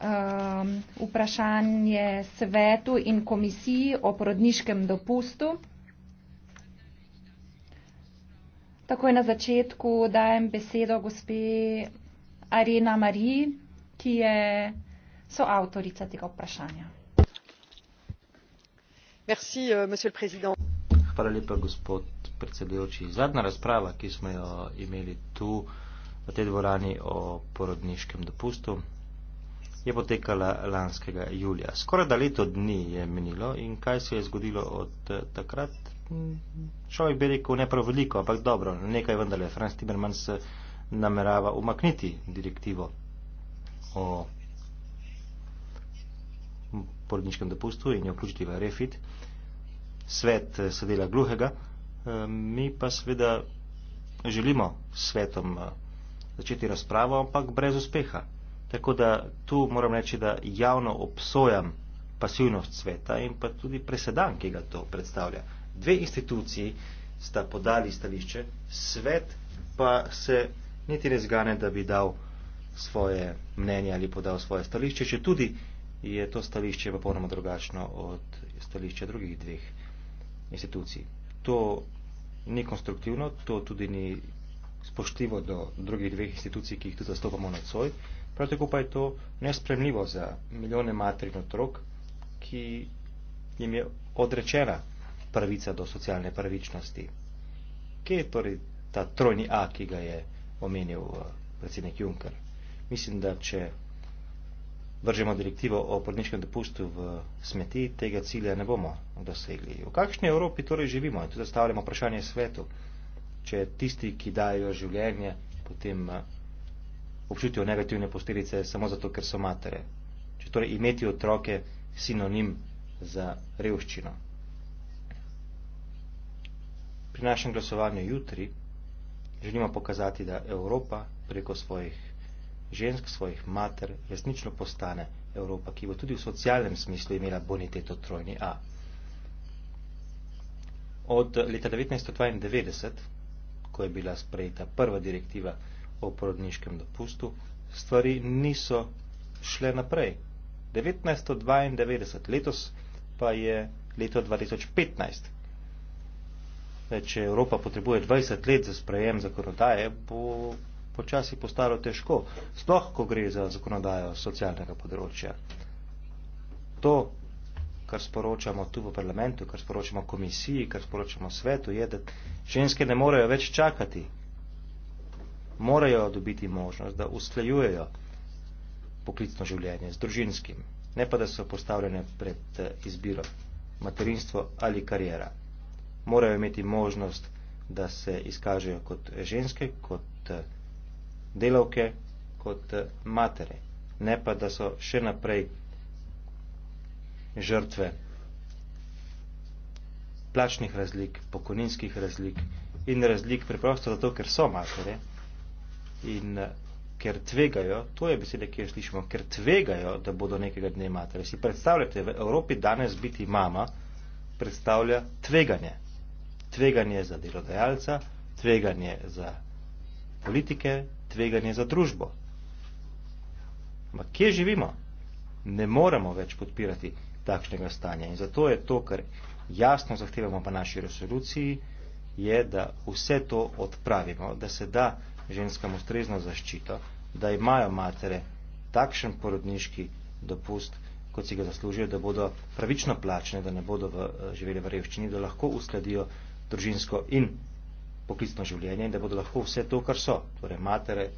um, vprašanje svetu in komisiji o porodniškem dopustu. Takoj na začetku dajem besedo gospe Arena Mariji, ki je soavtorica tega vprašanja. Merci, euh, Hvala lepa, gospod predsedujoči. Zadnja razprava, ki smo jo imeli tu v tej dvorani o porodniškem dopustu, je potekala lanskega julija. Skoraj da leto dni je minilo in kaj se je zgodilo od eh, takrat? Človek bi rekel ne prav veliko, ampak dobro, nekaj vendarle. Franz Timmermans eh, namerava umakniti direktivo o porodniškem dopustu in jo vključiti v refit. Svet eh, se dela gluhega, mi pa seveda želimo s svetom začeti razpravo, ampak brez uspeha. Tako da tu moram reči, da javno obsojam pasivnost sveta in pa tudi presedan, ki ga to predstavlja. Dve instituciji sta podali stališče, svet pa se niti ne zgane, da bi dal svoje mnenje ali podal svoje stališče, če tudi je to stališče popolnoma drugačno od stališča drugih dveh institucij. To ni konstruktivno, to tudi ni spoštljivo do drugih dveh institucij, ki jih tudi zastopamo na svoj. Prav tako pa je to nespremljivo za milijone matrin otrok, ki jim je odrečena pravica do socialne pravičnosti. Kje je torej ta trojni A, ki ga je omenil eh, predsednik Juncker? Mislim, da če vržemo direktivo o podniškem dopustu v smeti, tega cilja ne bomo dosegli. V kakšni Evropi torej živimo? In tudi zastavljamo vprašanje svetu, če tisti, ki dajo življenje, potem eh, občutijo negativne posledice samo zato, ker so matere. Če torej imeti otroke sinonim za revščino. Pri našem glasovanju jutri želimo pokazati, da Evropa preko svojih žensk, svojih mater resnično postane Evropa, ki bo tudi v socialnem smislu imela boniteto trojni A. Od leta 1992, ko je bila sprejeta prva direktiva o porodniškem dopustu, stvari niso šle naprej. 1992 letos pa je leto 2015. Če Evropa potrebuje 20 let za sprejem zakonodaje, bo počasi postalo težko, sploh ko gre za zakonodajo socialnega področja. To, kar sporočamo tu v parlamentu, kar sporočamo komisiji, kar sporočamo svetu, je, da ženske ne morejo več čakati, morajo dobiti možnost, da usklajujejo poklicno življenje z družinskim, ne pa da so postavljene pred eh, izbiro materinstvo ali karijera. Morajo imeti možnost, da se izkažejo kot ženske, kot eh, delavke, kot eh, matere, ne pa da so še naprej žrtve plačnih razlik, pokojninskih razlik in razlik preprosto zato, ker so matere In eh, ker tvegajo, to je beseda, ki jo slišimo, ker tvegajo, da bodo nekega dne matere. Si predstavljate, v Evropi danes biti mama predstavlja tveganje. Tveganje za delodajalca, tveganje za politike, tveganje za družbo. Ma kje živimo? Ne moremo več podpirati takšnega stanja. In zato je to, kar jasno zahtevamo pa naši resoluciji, je, da vse to odpravimo, da se da ženskam ustrezno zaščito, da imajo matere takšen porodniški dopust, kot si ga zaslužijo, da bodo pravično plačene, da ne bodo v, eh, živeli v revščini, da lahko uskladijo družinsko in poklicno življenje in da bodo lahko vse to, kar so, torej matere,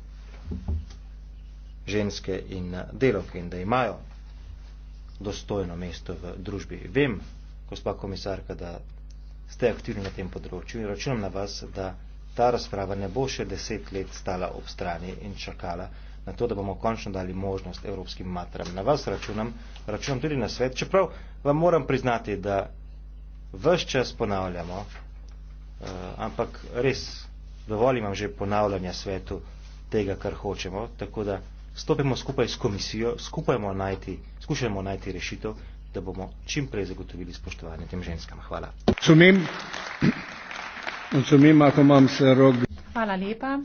ženske in eh, delovke in da imajo dostojno mesto v družbi. Vem, gospa komisarka, da ste aktivni na tem področju in računam na vas, da ta razprava ne bo še deset let stala ob strani in čakala na to, da bomo končno dali možnost evropskim matram. Na vas računam, računam tudi na svet, čeprav vam moram priznati, da vse čas ponavljamo, uh, ampak res dovolj imam že ponavljanja svetu tega, kar hočemo, tako da stopimo skupaj s komisijo, najti, skušajmo najti rešitev, da bomo čim prej zagotovili spoštovanje tem ženskam. Hvala. Sumim. Hvala lepa.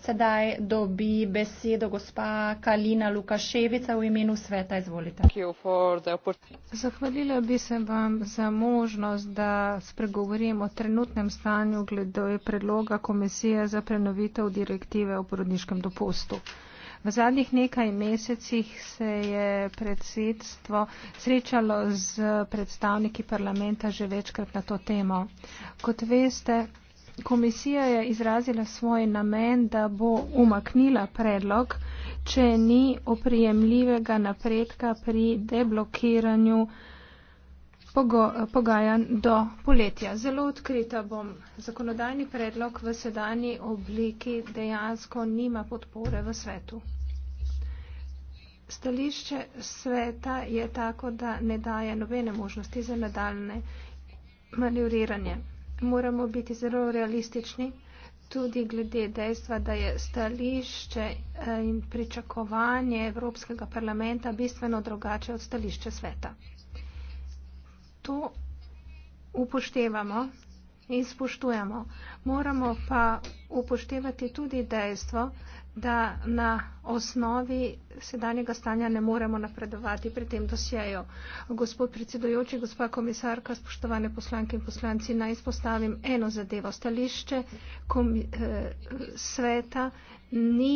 Sedaj dobi besedo gospa Kalina Lukaševica v imenu sveta. Izvolite. Zahvalila bi se vam za možnost, da spregovorim o trenutnem stanju glede predloga Komisije za prenovitev direktive o porodniškem dopustu. V zadnjih nekaj mesecih se je predsedstvo srečalo z predstavniki parlamenta že večkrat na to temo. Kot veste, komisija je izrazila svoj namen, da bo umaknila predlog, če ni oprijemljivega napredka pri deblokiranju pogajanj do poletja. Zelo odkrita bom. Zakonodajni predlog v sedanji obliki dejansko nima podpore v svetu. Stališče sveta je tako, da ne daje nobene možnosti za nadaljne manevriranje. Moramo biti zelo realistični tudi glede dejstva, da je stališče eh, in pričakovanje Evropskega parlamenta bistveno drugače od stališče sveta to upoštevamo in spoštujemo. Moramo pa upoštevati tudi dejstvo, da na osnovi sedanjega stanja ne moremo napredovati pri tem dosjeju. Gospod predsedujoči, gospa komisarka, spoštovane poslanke in poslanci, naj izpostavim eno zadevo. Stališče eh, sveta ni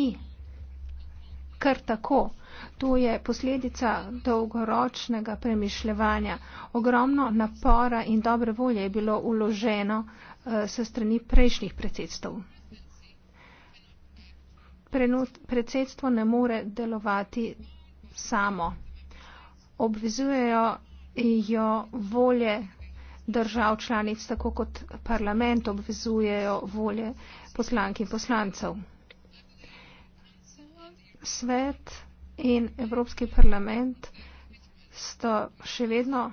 kar tako. To je posledica dolgoročnega premišljevanja. Ogromno napora in dobre volje je bilo uloženo eh, se strani prejšnjih predsedstv. Predsedstvo ne more delovati samo. Obvezujejo jo volje držav članic, tako kot parlament obvezujejo volje poslank in poslancev svet in Evropski parlament sta še vedno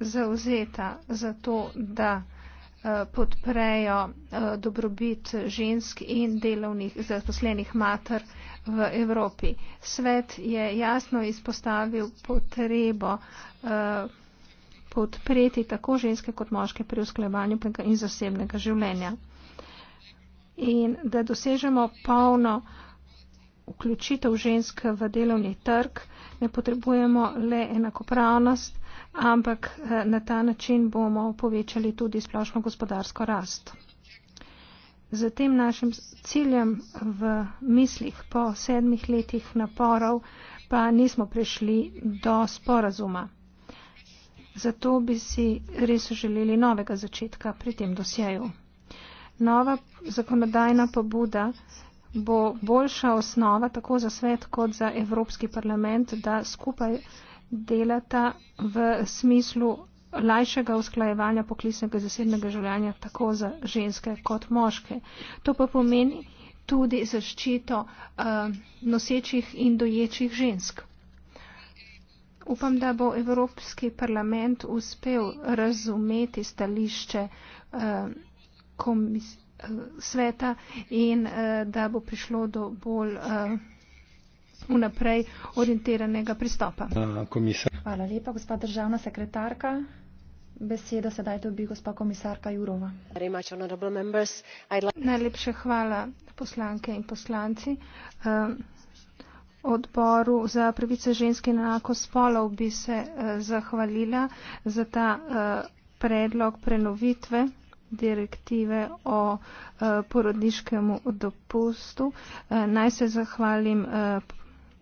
zauzeta za to, da eh, podprejo eh, dobrobit žensk in delovnih zaposlenih mater v Evropi. Svet je jasno izpostavil potrebo eh, podpreti tako ženske kot moške pri usklajevanju in zasebnega življenja. In da dosežemo polno vključitev žensk v delovni trg. Ne potrebujemo le enakopravnost, ampak eh, na ta način bomo povečali tudi splošno gospodarsko rast. Z tem našim ciljem v mislih po sedmih letih naporov pa nismo prišli do sporazuma. Zato bi si res želeli novega začetka pri tem dosjeju. Nova zakonodajna pobuda bo boljša osnova tako za svet kot za Evropski parlament, da skupaj delata v smislu lajšega usklajevanja poklicnega zasebnega življenja tako za ženske kot moške. To pa pomeni tudi zaščito uh, nosečih in doječih žensk. Upam, da bo Evropski parlament uspel razumeti stališče uh, eh, komisije sveta in eh, da bo prišlo do bolj unaprej eh, orientiranega pristopa. Hvala lepa, gospa državna sekretarka. Besedo sedaj dobi gospa komisarka Jurova. Najlepše hvala poslanke in poslanci. Eh, odboru za pravice ženske in enako spolov bi se zahvalila za ta predlog prenovitve direktive o eh, porodniškemu dopustu. Eh, naj se zahvalim eh,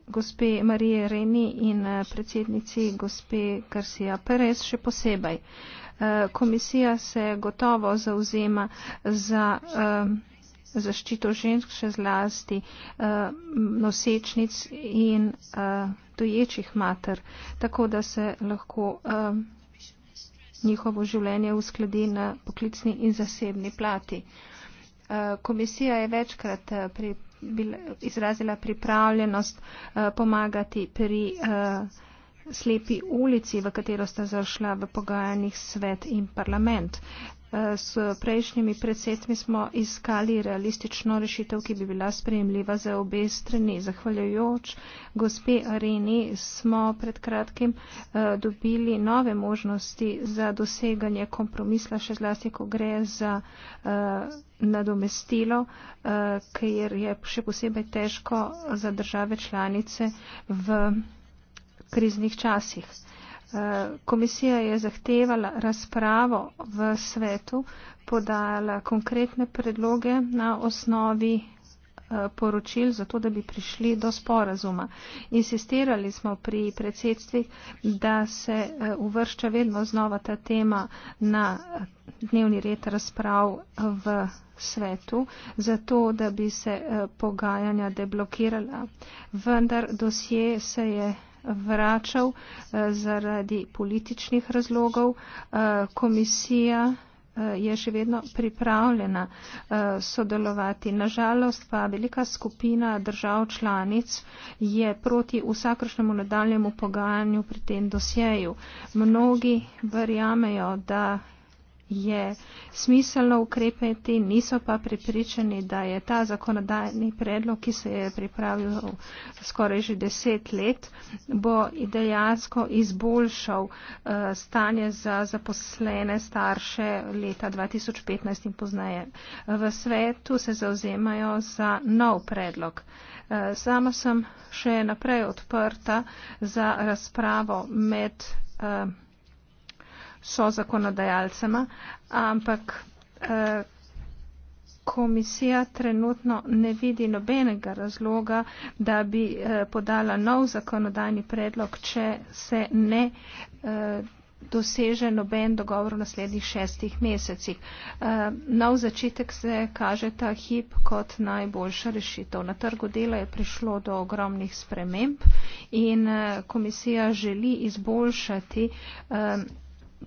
gospe Marije Reni in predsednici gospe Garcia Perez še posebej. Komisija se gotovo zauzema za zaščito žensk, še zlasti nosečnic in doječih mater, tako da se lahko njihovo življenje uskladi na poklicni in zasebni plati. Eh, komisija je večkrat eh, pri, bil, izrazila pripravljenost eh, pomagati pri slepi ulici, v katero sta zašla v pogajanjih svet in parlament s prejšnjimi predsedmi smo iskali realistično rešitev, ki bi bila sprejemljiva za obe strani. Zahvaljujoč gospe Areni smo pred kratkim eh, dobili nove možnosti za doseganje kompromisla, še zlasti, ko gre za eh, nadomestilo, eh, ker je še posebej težko za države članice v kriznih časih. Komisija je zahtevala razpravo v svetu, podala konkretne predloge na osnovi eh, poročil, zato da bi prišli do sporazuma. Insistirali smo pri predsedstvi, da se eh, uvršča vedno znova ta tema na eh, dnevni red razprav v svetu, zato da bi se pogajanja deblokirala. Vendar dosje se je vračal eh, zaradi političnih razlogov. Eh, komisija eh, je še vedno pripravljena sodelovati. Nažalost pa velika skupina držav članic je proti vsakršnemu nadaljemu pogajanju pri tem dosjeju. Mnogi verjamejo, da je smiselno ukrepeti, niso pa pripričani, da je ta zakonodajni predlog, ki se je pripravil skoraj že deset let, bo dejansko izboljšal uh, stanje za zaposlene starše leta 2015 in poznaje. V svetu se zauzemajo za nov predlog. Uh, sama sem še naprej odprta za razpravo med. Uh, so zakonodajalcema, ampak eh, komisija trenutno ne vidi nobenega razloga, da bi eh, podala nov zakonodajni predlog, če se ne eh, doseže noben dogovor v naslednjih šestih mesecih. Nov začetek se kaže ta hip kot najboljša rešitev. Na trgu dela je prišlo do ogromnih sprememb in komisija želi izboljšati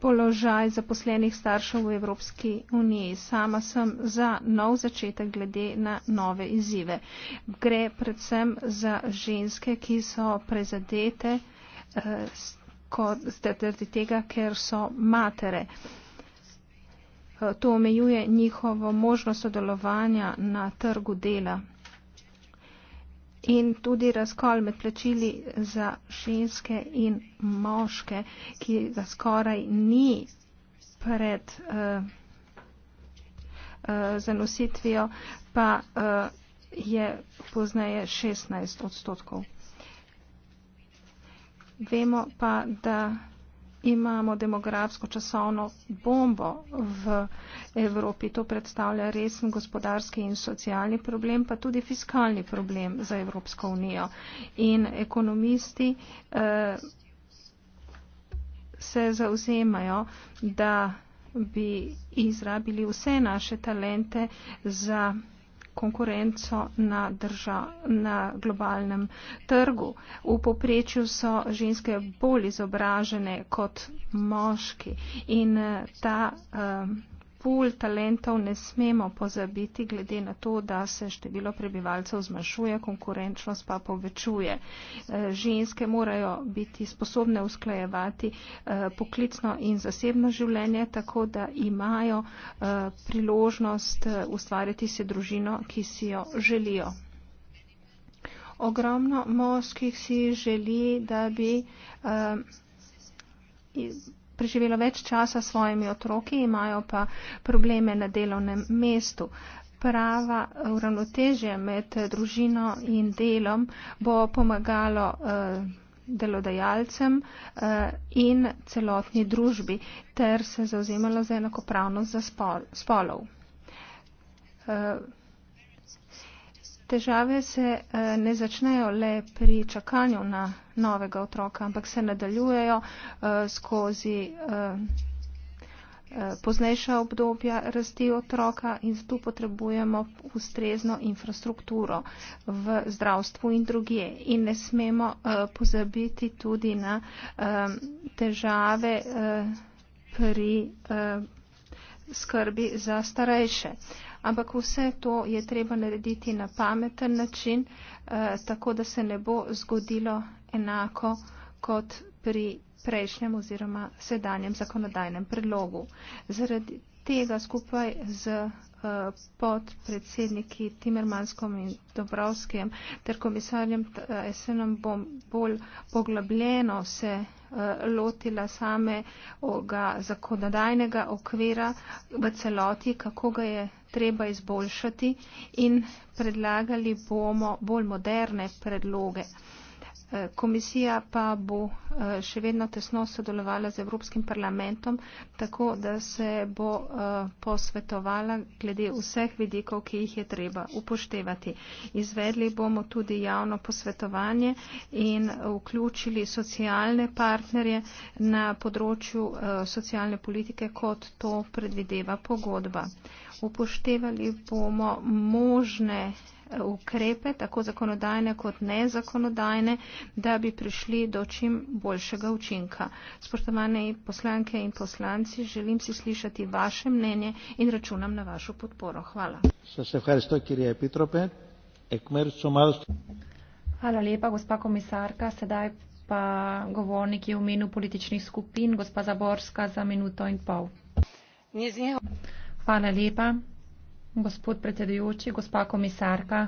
položaj zaposlenih staršev v Evropski uniji. Sama sem za nov začetek glede na nove izzive. Gre predvsem za ženske, ki so prezadete eh, zaradi eh, tega, ker so matere. Eh, to omejuje njihovo možnost sodelovanja na trgu dela in tudi razkol med plačili za ženske in moške, ki ga skoraj ni pred uh, uh, zanositvijo, pa uh, je poznaje 16 odstotkov. Vemo pa, da imamo demografsko časovno bombo v Evropi. To predstavlja resen gospodarski in socialni problem, pa tudi fiskalni problem za Evropsko unijo. In ekonomisti eh, se zauzemajo, da bi izrabili vse naše talente za konkurenco na, drža, na globalnem trgu. V poprečju so ženske bolj izobražene kot moški in eh, ta. Um, pul talentov ne smemo pozabiti, glede na to, da se število prebivalcev zmanjšuje, konkurenčnost pa povečuje. Eh, ženske morajo biti sposobne usklajevati eh, poklicno in zasebno življenje, tako da imajo eh, priložnost ustvariti se družino, ki si jo želijo. Ogromno moških si želi, da bi preživelo več časa s svojimi otroki, imajo pa probleme na delovnem mestu. Prava uravnotežje med družino in delom bo pomagalo eh, delodajalcem eh, in celotni družbi ter se zauzemalo za enakopravnost za spolov. Eh, težave se eh, ne začnejo le pri čakanju na novega otroka, ampak se nadaljujejo eh, skozi eh, poznejša obdobja rasti otroka in zato potrebujemo ustrezno infrastrukturo v zdravstvu in drugje. In ne smemo pozabiti tudi na težave pri skrbi za starejše. Uh, ampak vse to je treba narediti na pameten način, eh, tako da se ne bo zgodilo enako kot pri prejšnjem oziroma sedanjem zakonodajnem predlogu. Zaradi tega skupaj z pod predsedniki Timermanskom in Dobrovskem ter komisarjem Esenom bom bolj poglobljeno se eh, lotila samega zakonodajnega okvira v celoti, kako ga je treba izboljšati in predlagali bomo bolj moderne predloge. Eh, komisija pa bo eh, še vedno tesno sodelovala z Evropskim parlamentom, tako da se bo eh, posvetovala glede vseh vidikov, ki jih je treba upoštevati. Izvedli bomo tudi javno posvetovanje in vključili socialne partnerje na področju socialne politike, kot to predvideva pogodba. Upoštevali bomo možne ukrepe, tako zakonodajne kot nezakonodajne, da bi prišli do čim boljšega učinka. Spoštovane poslanke in poslanci, želim si slišati vaše mnenje in računam na vašo podporo. Hvala. Hvala lepa, gospa komisarka. Sedaj pa govorniki v imenu političnih skupin, gospa Zaborska za minuto in pol. Hvala lepa gospod predsedujoči, gospa komisarka.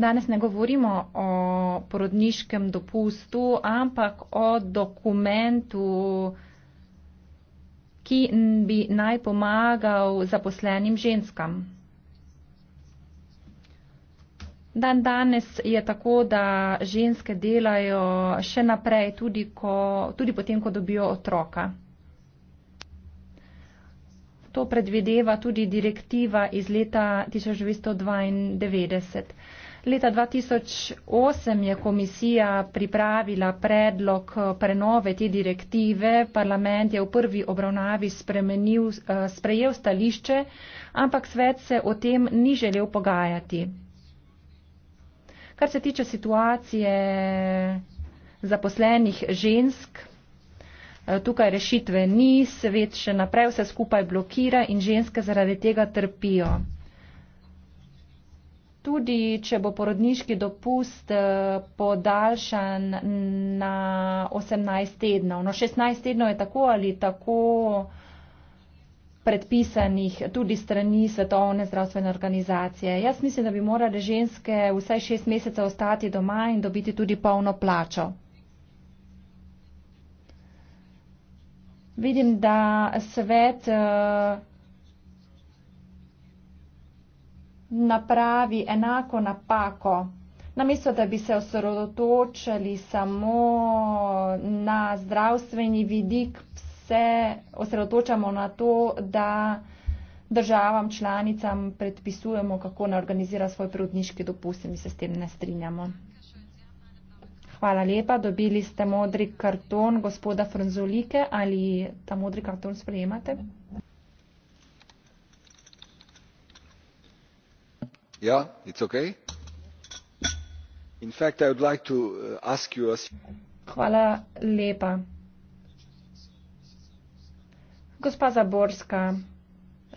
Danes ne govorimo o porodniškem dopustu, ampak o dokumentu, ki bi naj pomagal zaposlenim ženskam. Dan danes je tako, da ženske delajo še naprej, tudi, ko, tudi potem, ko dobijo otroka. To predvideva tudi direktiva iz leta 1992. Leta 2008 je komisija pripravila predlog eh, prenove te direktive, parlament je v prvi obravnavi spremenil, eh, sprejel stališče, ampak svet se o tem ni želel pogajati. Kar se tiče situacije zaposlenih žensk, Eh, tukaj rešitve ni, svet še naprej vse skupaj blokira in ženske zaradi tega trpijo. Tudi, če bo porodniški dopust eh, podaljšan na 18 tednov. No, 16 tednov je tako ali tako predpisanih tudi strani Svetovne zdravstvene organizacije. Jaz mislim, da bi morale ženske vsaj 6 mesecev ostati doma in dobiti tudi polno plačo. Vidim, da svet eh, napravi enako napako. Namesto, da bi se osredotočili samo na zdravstveni vidik, se osredotočamo na to, da državam članicam predpisujemo, kako ne organizira svoj prudniški dopust in mi se s tem ne strinjamo. Hvala lepa. Dobili ste modri karton gospoda Franzolike. Ali ta modri karton sprejemate? Ja, it's okay. In fact, I would like to uh, ask you a... Hvala lepa. Gospa Zaborska.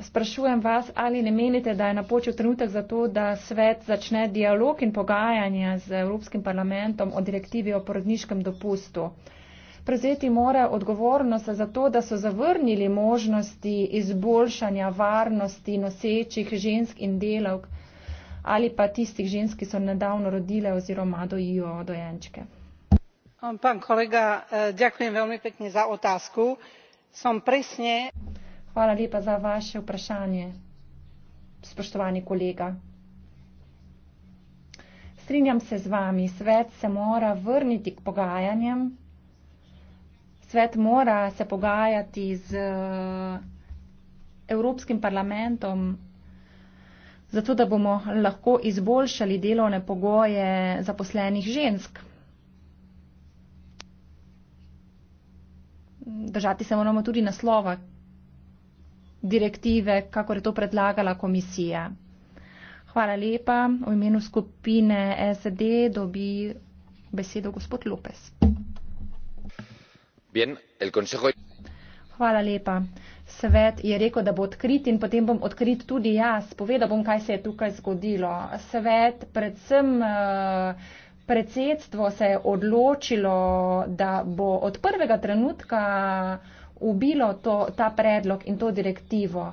Sprašujem vas, ali ne menite, da je napočil trenutek za to, da svet začne dialog in pogajanja z Evropskim parlamentom o direktivi o porodniškem dopustu. Prezeti mora odgovornost za to, da so zavrnili možnosti izboljšanja varnosti nosečih žensk in delavk ali pa tistih žensk, ki so nedavno rodile oziroma dojijo dojenčke. Pan kolega, eh, ďakujem veľmi pekne za otázku. Som presne Hvala lepa za vaše vprašanje, spoštovani kolega. Strinjam se z vami, svet se mora vrniti k pogajanjem, svet mora se pogajati z Evropskim parlamentom, zato da bomo lahko izboljšali delovne pogoje zaposlenih žensk. Držati se moramo tudi naslova, direktive, kakor je to predlagala komisija. Hvala lepa. V imenu skupine SD dobi besedo gospod Lopes. Bien, el consejo... Hvala lepa. Svet je rekel, da bo odkrit in potem bom odkrit tudi jaz. Povedal bom, kaj se je tukaj zgodilo. Svet, predvsem eh, predsedstvo se je odločilo, da bo od prvega trenutka ubilo to, ta predlog in to direktivo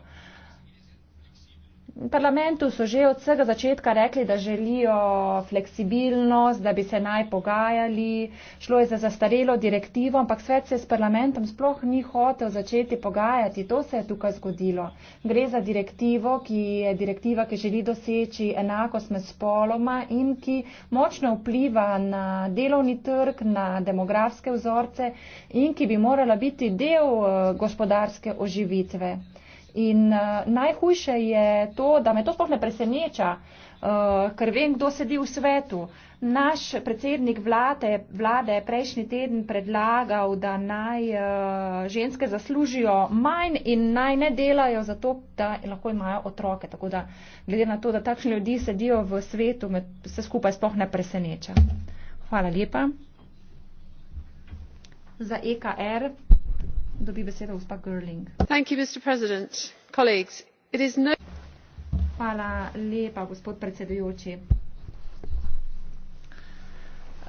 parlamentu so že od vsega začetka rekli, da želijo fleksibilnost, da bi se naj pogajali, šlo je za zastarelo direktivo, ampak svet se s parlamentom sploh ni hotel začeti pogajati. To se je tukaj zgodilo. Gre za direktivo, ki je direktiva, ki želi doseči enakost med spoloma in ki močno vpliva na delovni trg, na demografske vzorce in ki bi morala biti del eh, gospodarske oživitve. In uh, najhujše je to, da me to sploh ne preseneča, uh, ker vem, kdo sedi v svetu. Naš predsednik vlade, vlade je prejšnji teden predlagal, da naj uh, ženske zaslužijo manj in naj ne delajo zato, da lahko imajo otroke. Tako da glede na to, da takšni ljudi sedijo v svetu, me vse skupaj sploh ne preseneča. Hvala lepa. Za EKR mr president colleagues it is no.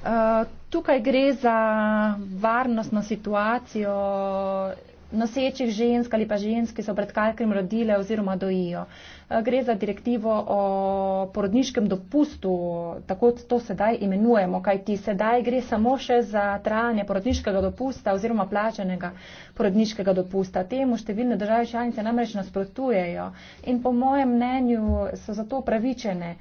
Eh, tukaj gre za varnostno situacijo in za varnost ljudi nosečih žensk ali pa žensk, ki so pred kratkim rodile oziroma dojijo. Eh, gre za direktivo o porodniškem dopustu, tako to sedaj imenujemo, kajti sedaj gre samo še za trajanje porodniškega dopusta oziroma plačenega porodniškega dopusta. Temu številne države članice namreč nasprotujejo in po mojem mnenju so zato pravičene.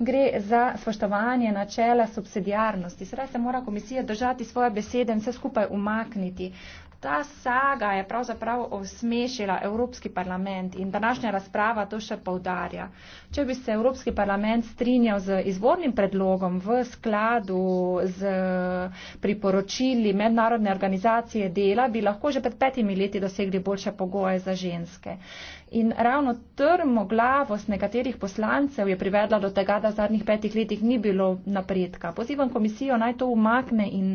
Gre za spoštovanje načela subsidijarnosti. Sedaj se mora komisija držati svoje besede in vse skupaj umakniti ta saga je pravzaprav osmešila Evropski parlament in današnja razprava to še povdarja. Če bi se Evropski parlament strinjal z izvornim predlogom v skladu z priporočili mednarodne organizacije dela, bi lahko že pred petimi leti dosegli boljše pogoje za ženske. In ravno trmoglavost nekaterih poslancev je privedla do tega, da v zadnjih petih letih ni bilo napredka. Pozivam komisijo naj to umakne in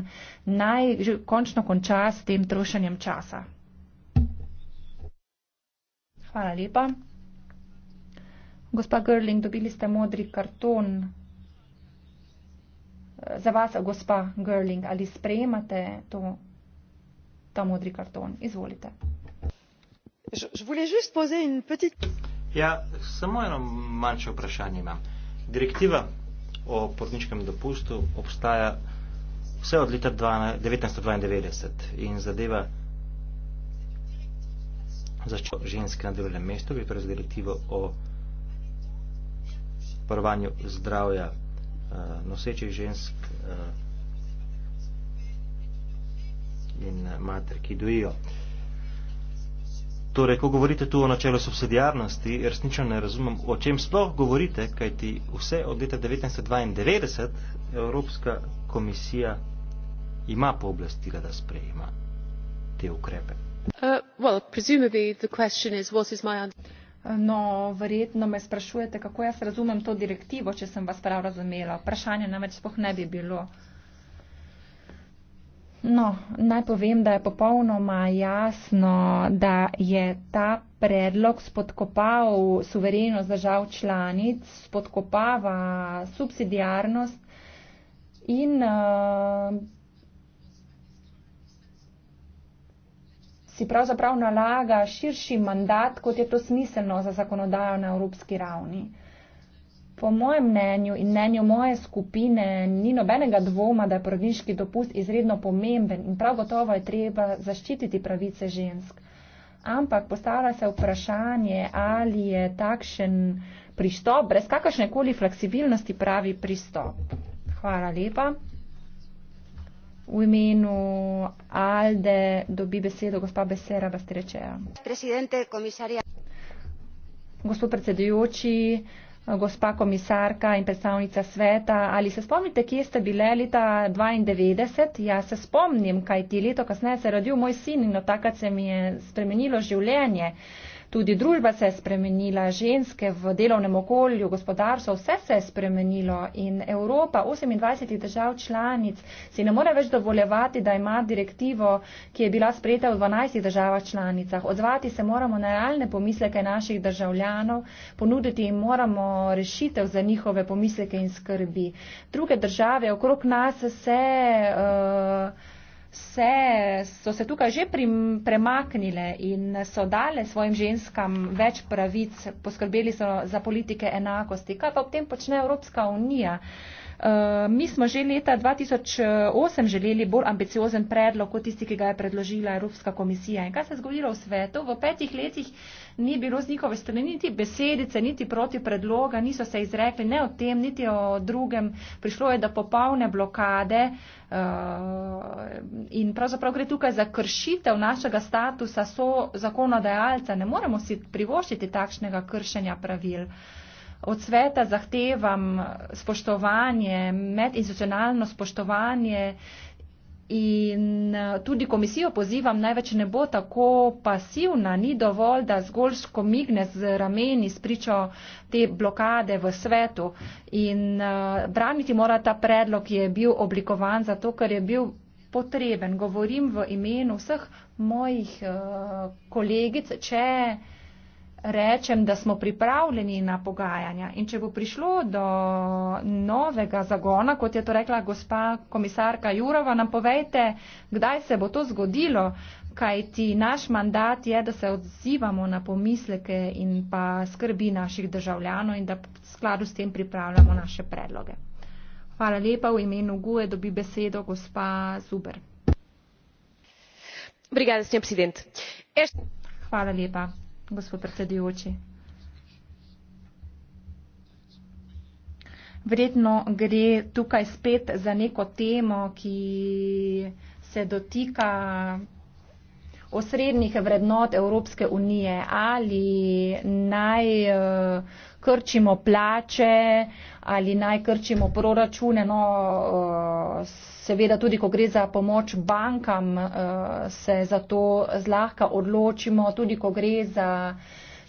naj že končno konča s tem trošenjem časa. Hvala lepa. Gospa Grling, dobili ste modri karton. Za vas, gospa Grling, ali sprejemate to, ta modri karton? Izvolite. Je voulais juste poser une petite. Ja, samo eno manjše vprašanje imam. Direktiva o porodniškem dopustu obstaja vse od leta 1992 in zadeva začo ženske na delovnem mestu, bi prez torej direktivo o porovanju zdravja uh, nosečih žensk uh, in mater, ki dojijo. Uh, Torej, ko govorite tu o načelu subsidijarnosti, resnično ne razumem, o čem sploh govorite, kajti vse od leta 1992 Evropska komisija ima pooblastila, da sprejema te ukrepe. Uh, well, presumably the question is, what is my No, verjetno me sprašujete, kako jaz razumem to direktivo, če sem vas prav razumela. Vprašanje namreč spoh ne bi bilo. Uh, No, naj povem, da je popolnoma jasno, da je ta predlog spodkopal suverenost držav članic, spodkopava subsidijarnost in uh, si pravzaprav nalaga širši mandat, kot je to smiselno za zakonodajo na evropski ravni. Po mojem mnenju in mnenju moje skupine ni nobenega dvoma, da je porodniški dopust izredno pomemben in prav gotovo je treba zaščititi pravice žensk. Ampak postavlja se vprašanje, ali je takšen pristop brez kakršnekoli fleksibilnosti pravi pristop. Hvala lepa. V imenu Alde dobi besedo gospa Besera Bastrečeja. Gospod predsedujoči, gospa komisarka in predstavnica sveta, ali se spomnite, kje ste bile leta 92? Ja, se spomnim, kaj ti leto kasneje se je rodil moj sin in od takrat se mi je spremenilo življenje. Uh, Tudi družba se je spremenila, ženske v delovnem okolju, gospodarstvo, vse se je spremenilo in Evropa, 28 držav članic, si ne more več dovoljevati, da ima direktivo, ki je bila sprejeta v 12 državah članicah. Odzvati se moramo na realne pomisleke naših državljanov, ponuditi jim moramo rešitev za njihove pomisleke in skrbi. Druge države okrog nas se. Uh, vse, so se tukaj že prim, premaknile in so dale svojim ženskam več pravic, poskrbeli so za politike enakosti. Kaj pa ob tem počne Evropska unija? Uh, Eh, mi smo že leta 2008 želeli bolj ambiciozen predlog kot tisti, ki ga je predložila Evropska komisija. In kaj se je zgodilo v svetu? V petih letih ni bilo z njihove strani niti besedice, niti proti predloga, niso se izrekli ne o tem, niti o drugem. Prišlo je do popolne blokade eh, in pravzaprav gre tukaj za kršitev našega statusa so zakonodajalca. Ne moremo si privoščiti takšnega kršenja pravil od sveta zahtevam spoštovanje, medinstitucionalno spoštovanje in eh, tudi komisijo pozivam, največ ne bo tako pasivna, ni dovolj, da zgolj skomigne z rameni spričo te blokade v svetu in eh, braniti mora ta predlog, ki je bil oblikovan zato, ker je bil potreben. Govorim v imenu vseh mojih eh, kolegic, če je rečem, da smo pripravljeni na pogajanja in če bo prišlo do novega zagona, kot je to rekla gospa komisarka Jurova, nam povejte, kdaj se bo to zgodilo, kajti naš mandat je, da se odzivamo na pomisleke in pa skrbi naših državljanov in da v skladu s tem pripravljamo naše predloge. Hvala lepa, v imenu GUE dobi besedo gospa Zuber. Obrigada, senhor presidente. Este... Hvala lepa gospod predsedujoči. Vredno gre tukaj spet za neko temo, ki se dotika osrednjih vrednot Evropske unije ali naj eh, krčimo plače ali naj krčimo proračune. No, s eh, Seveda tudi, ko gre za pomoč bankam, eh, se za to zlahka odločimo, tudi ko gre za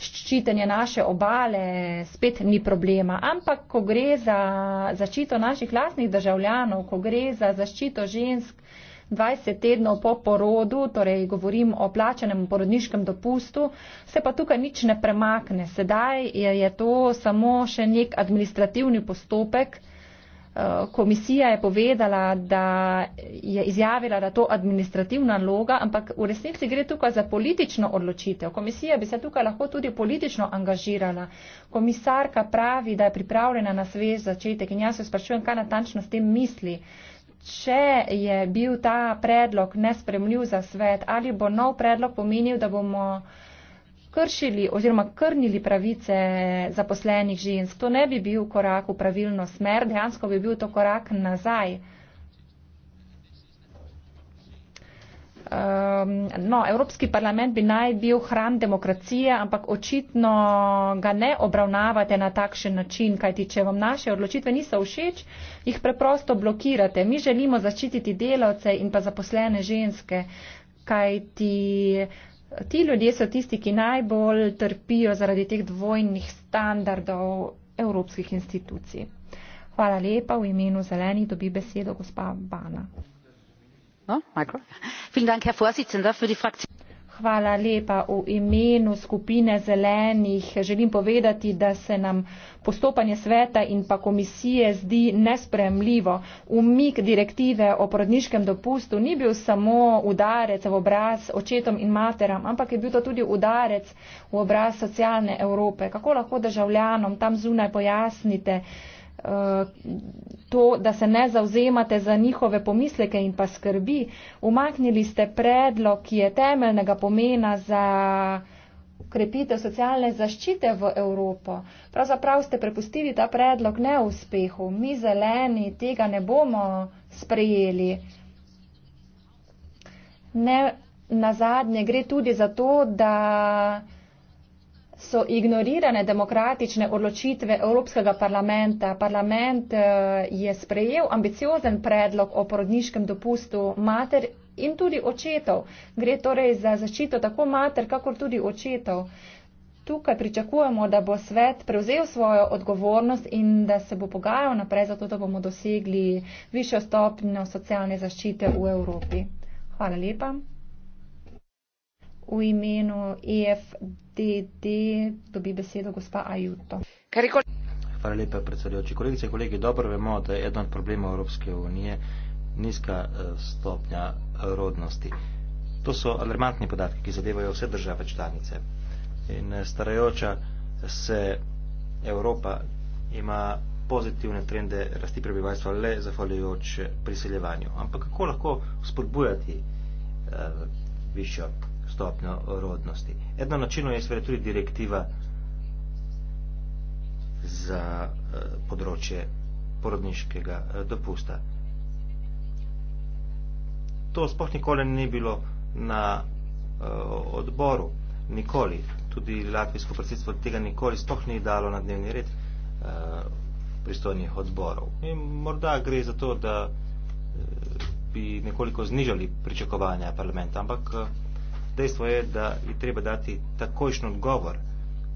ščitenje naše obale, spet ni problema. Ampak, ko gre za zaščito naših lasnih državljanov, ko gre za zaščito žensk 20 tednov po porodu, torej govorim o plačenem porodniškem dopustu, se pa tukaj nič ne premakne. Sedaj je to samo še nek administrativni postopek, komisija je povedala, da je izjavila, da to administrativna loga, ampak v resnici gre tukaj za politično odločitev. Komisija bi se tukaj lahko tudi politično angažirala. Komisarka pravi, da je pripravljena na svež začetek in jaz se sprašujem, kaj natančno s tem misli. Če je bil ta predlog nespremljiv za svet, ali bo nov predlog pomenil, da bomo. Uh, kršili oziroma krnili pravice zaposlenih žensk. To ne bi bil korak v pravilno smer, dejansko bi bil to korak nazaj. Um, no, Evropski parlament bi naj bil hram demokracije, ampak očitno ga ne obravnavate na takšen način, kajti če vam naše odločitve niso všeč, jih preprosto blokirate. Mi želimo zaščititi delavce in pa zaposlene ženske, kajti ti ljudje so tisti, ki najbolj trpijo zaradi teh dvojnih standardov evropskih institucij. Hvala lepa. V imenu zelenih dobi besedo gospa Bana. No, Michael. Vielen Dank, Herr Vorsitzender, für die Fraktion. Hvala lepa. V imenu skupine zelenih želim povedati, da se nam postopanje sveta in pa komisije zdi nespremljivo. Umik direktive o porodniškem dopustu ni bil samo udarec v obraz očetom in materam, ampak je bil to tudi udarec v obraz socialne Evrope. Kako lahko državljanom tam zunaj pojasnite, Eh, to, da se ne zauzemate za njihove pomisleke in pa skrbi. Umaknili ste predlog, ki je temeljnega pomena za ukrepitev socialne zaščite v Evropo. Pravzaprav ste prepustili ta predlog neuspehu. Mi zeleni tega ne bomo sprejeli. Ne, na zadnje gre tudi za to, da so ignorirane demokratične odločitve Evropskega parlamenta. Parlament eh, je sprejel ambiciozen predlog o porodniškem dopustu mater in tudi očetov. Gre torej za zaščito tako mater, kakor tudi očetov. Tukaj pričakujemo, da bo svet prevzel svojo odgovornost in da se bo pogajal naprej, zato da bomo dosegli višjo stopnjo socialne zaščite v Evropi. Hvala lepa. V imenu EFD. TT dobi besedo gospa Ajuto. Hvala lepa, predsedujoči. Kolegice in kolegi, dobro vemo, da je eden od problemov Evropske unije nizka eh, stopnja eh, rodnosti. To so alarmantni podatki, ki zadevajo vse države članice. In eh, starajoča se Evropa ima pozitivne trende rasti prebivalstva le zahvaljujoč priseljevanju. Ampak kako lahko spodbujati? Eh, višjo stopnjo rodnosti. Edno načino je sveda tudi direktiva za eh, področje porodniškega eh, dopusta. To sploh nikoli ni bilo na eh, odboru, nikoli. Tudi latvijsko predsedstvo tega nikoli sploh ni dalo na dnevni red pristojnih odborov. In morda gre za to, da bi nekoliko znižali pričakovanja parlamenta, ampak eh, dejstvo je, da je treba dati takojšen odgovor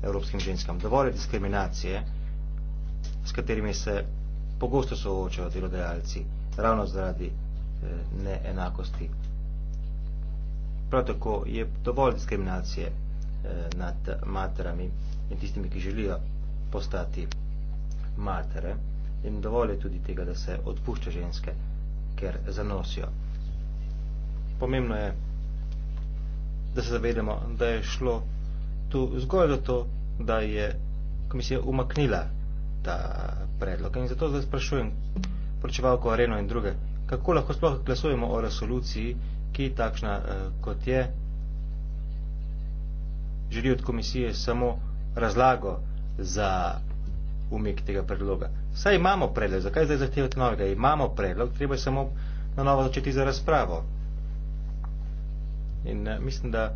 evropskim ženskam. Dovolj je diskriminacije, s katerimi se pogosto soočajo delodajalci, ravno zaradi eh, neenakosti. Prav tako je dovolj diskriminacije eh, nad materami in tistimi, ki želijo postati matere in dovolj je tudi tega, da se odpušča ženske ker zanosijo. Pomembno je, da se zavedamo, da je šlo tu zgolj za to, da je komisija umaknila ta predlog. In zato zdaj sprašujem poročevalko Areno in druge, kako lahko sploh glasujemo o resoluciji, ki takšna eh, kot je, želi od komisije samo razlago za umik tega predloga. Saj imamo predlog, zakaj zdaj zahtevati novega? Imamo predlog, treba je samo na novo začeti za razpravo. In uh, mislim, da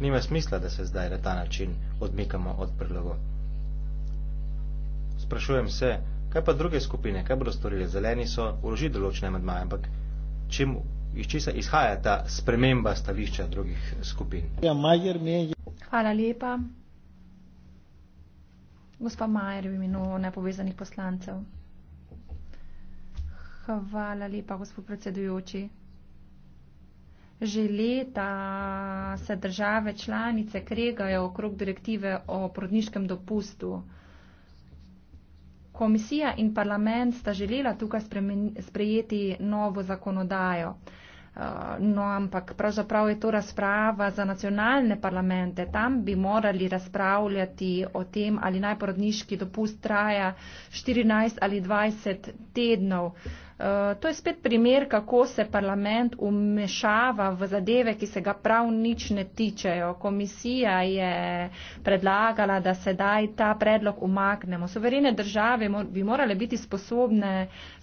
nima smisla, da se zdaj na ta način odmikamo od predlogov. Sprašujem se, kaj pa druge skupine, kaj bodo storile? Zeleni so vložili določene medmaje, ampak čim, iz česa izhaja ta sprememba stališča drugih skupin? Ja, Hvala lepa gospa Majer v imenu nepovezanih poslancev. Hvala lepa, gospod predsedujoči. Že leta se države članice kregajo okrog direktive o prodniškem dopustu. Komisija in parlament sta želela tukaj spremen, sprejeti novo zakonodajo. Eh, no, ampak pravzaprav je to razprava za nacionalne parlamente. Tam bi morali razpravljati o tem, ali naj porodniški dopust traja 14 ali 20 tednov. Eh, to je spet primer, kako se parlament umešava v zadeve, ki se ga prav nič ne tičejo. Komisija je predlagala, da se daj ta predlog umaknemo. Soverene države bi morale biti sposobne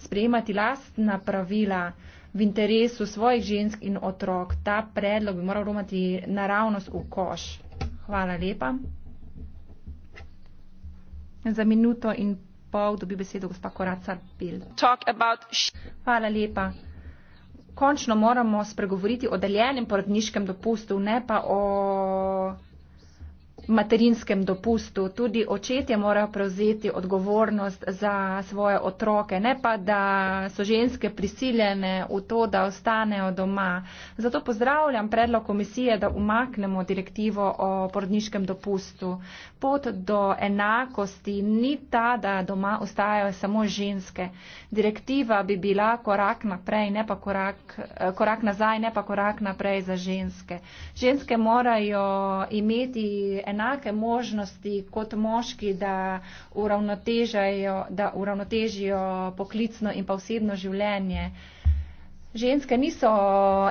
sprejemati lastna pravila v interesu svojih žensk in otrok. Ta predlog bi moral romati naravnost v koš. Hvala lepa. Za minuto in pol dobi besedo gospa Koracar Pil. Hvala lepa. Končno moramo spregovoriti o deljenem porodniškem dopustu, ne pa o materinskem dopustu. Tudi očetje morajo prevzeti odgovornost za svoje otroke, ne pa, da so ženske prisiljene v to, da ostanejo doma. Zato pozdravljam predlog komisije, da umaknemo direktivo o porodniškem dopustu. Pot do enakosti ni ta, da doma ostajajo samo ženske. Direktiva bi bila korak naprej, ne pa korak, eh, korak nazaj, ne pa korak naprej za ženske. Ženske morajo imeti enakosti enake možnosti kot moški, da uravnotežijo, da uravnotežijo poklicno in pa osebno življenje. Ženske niso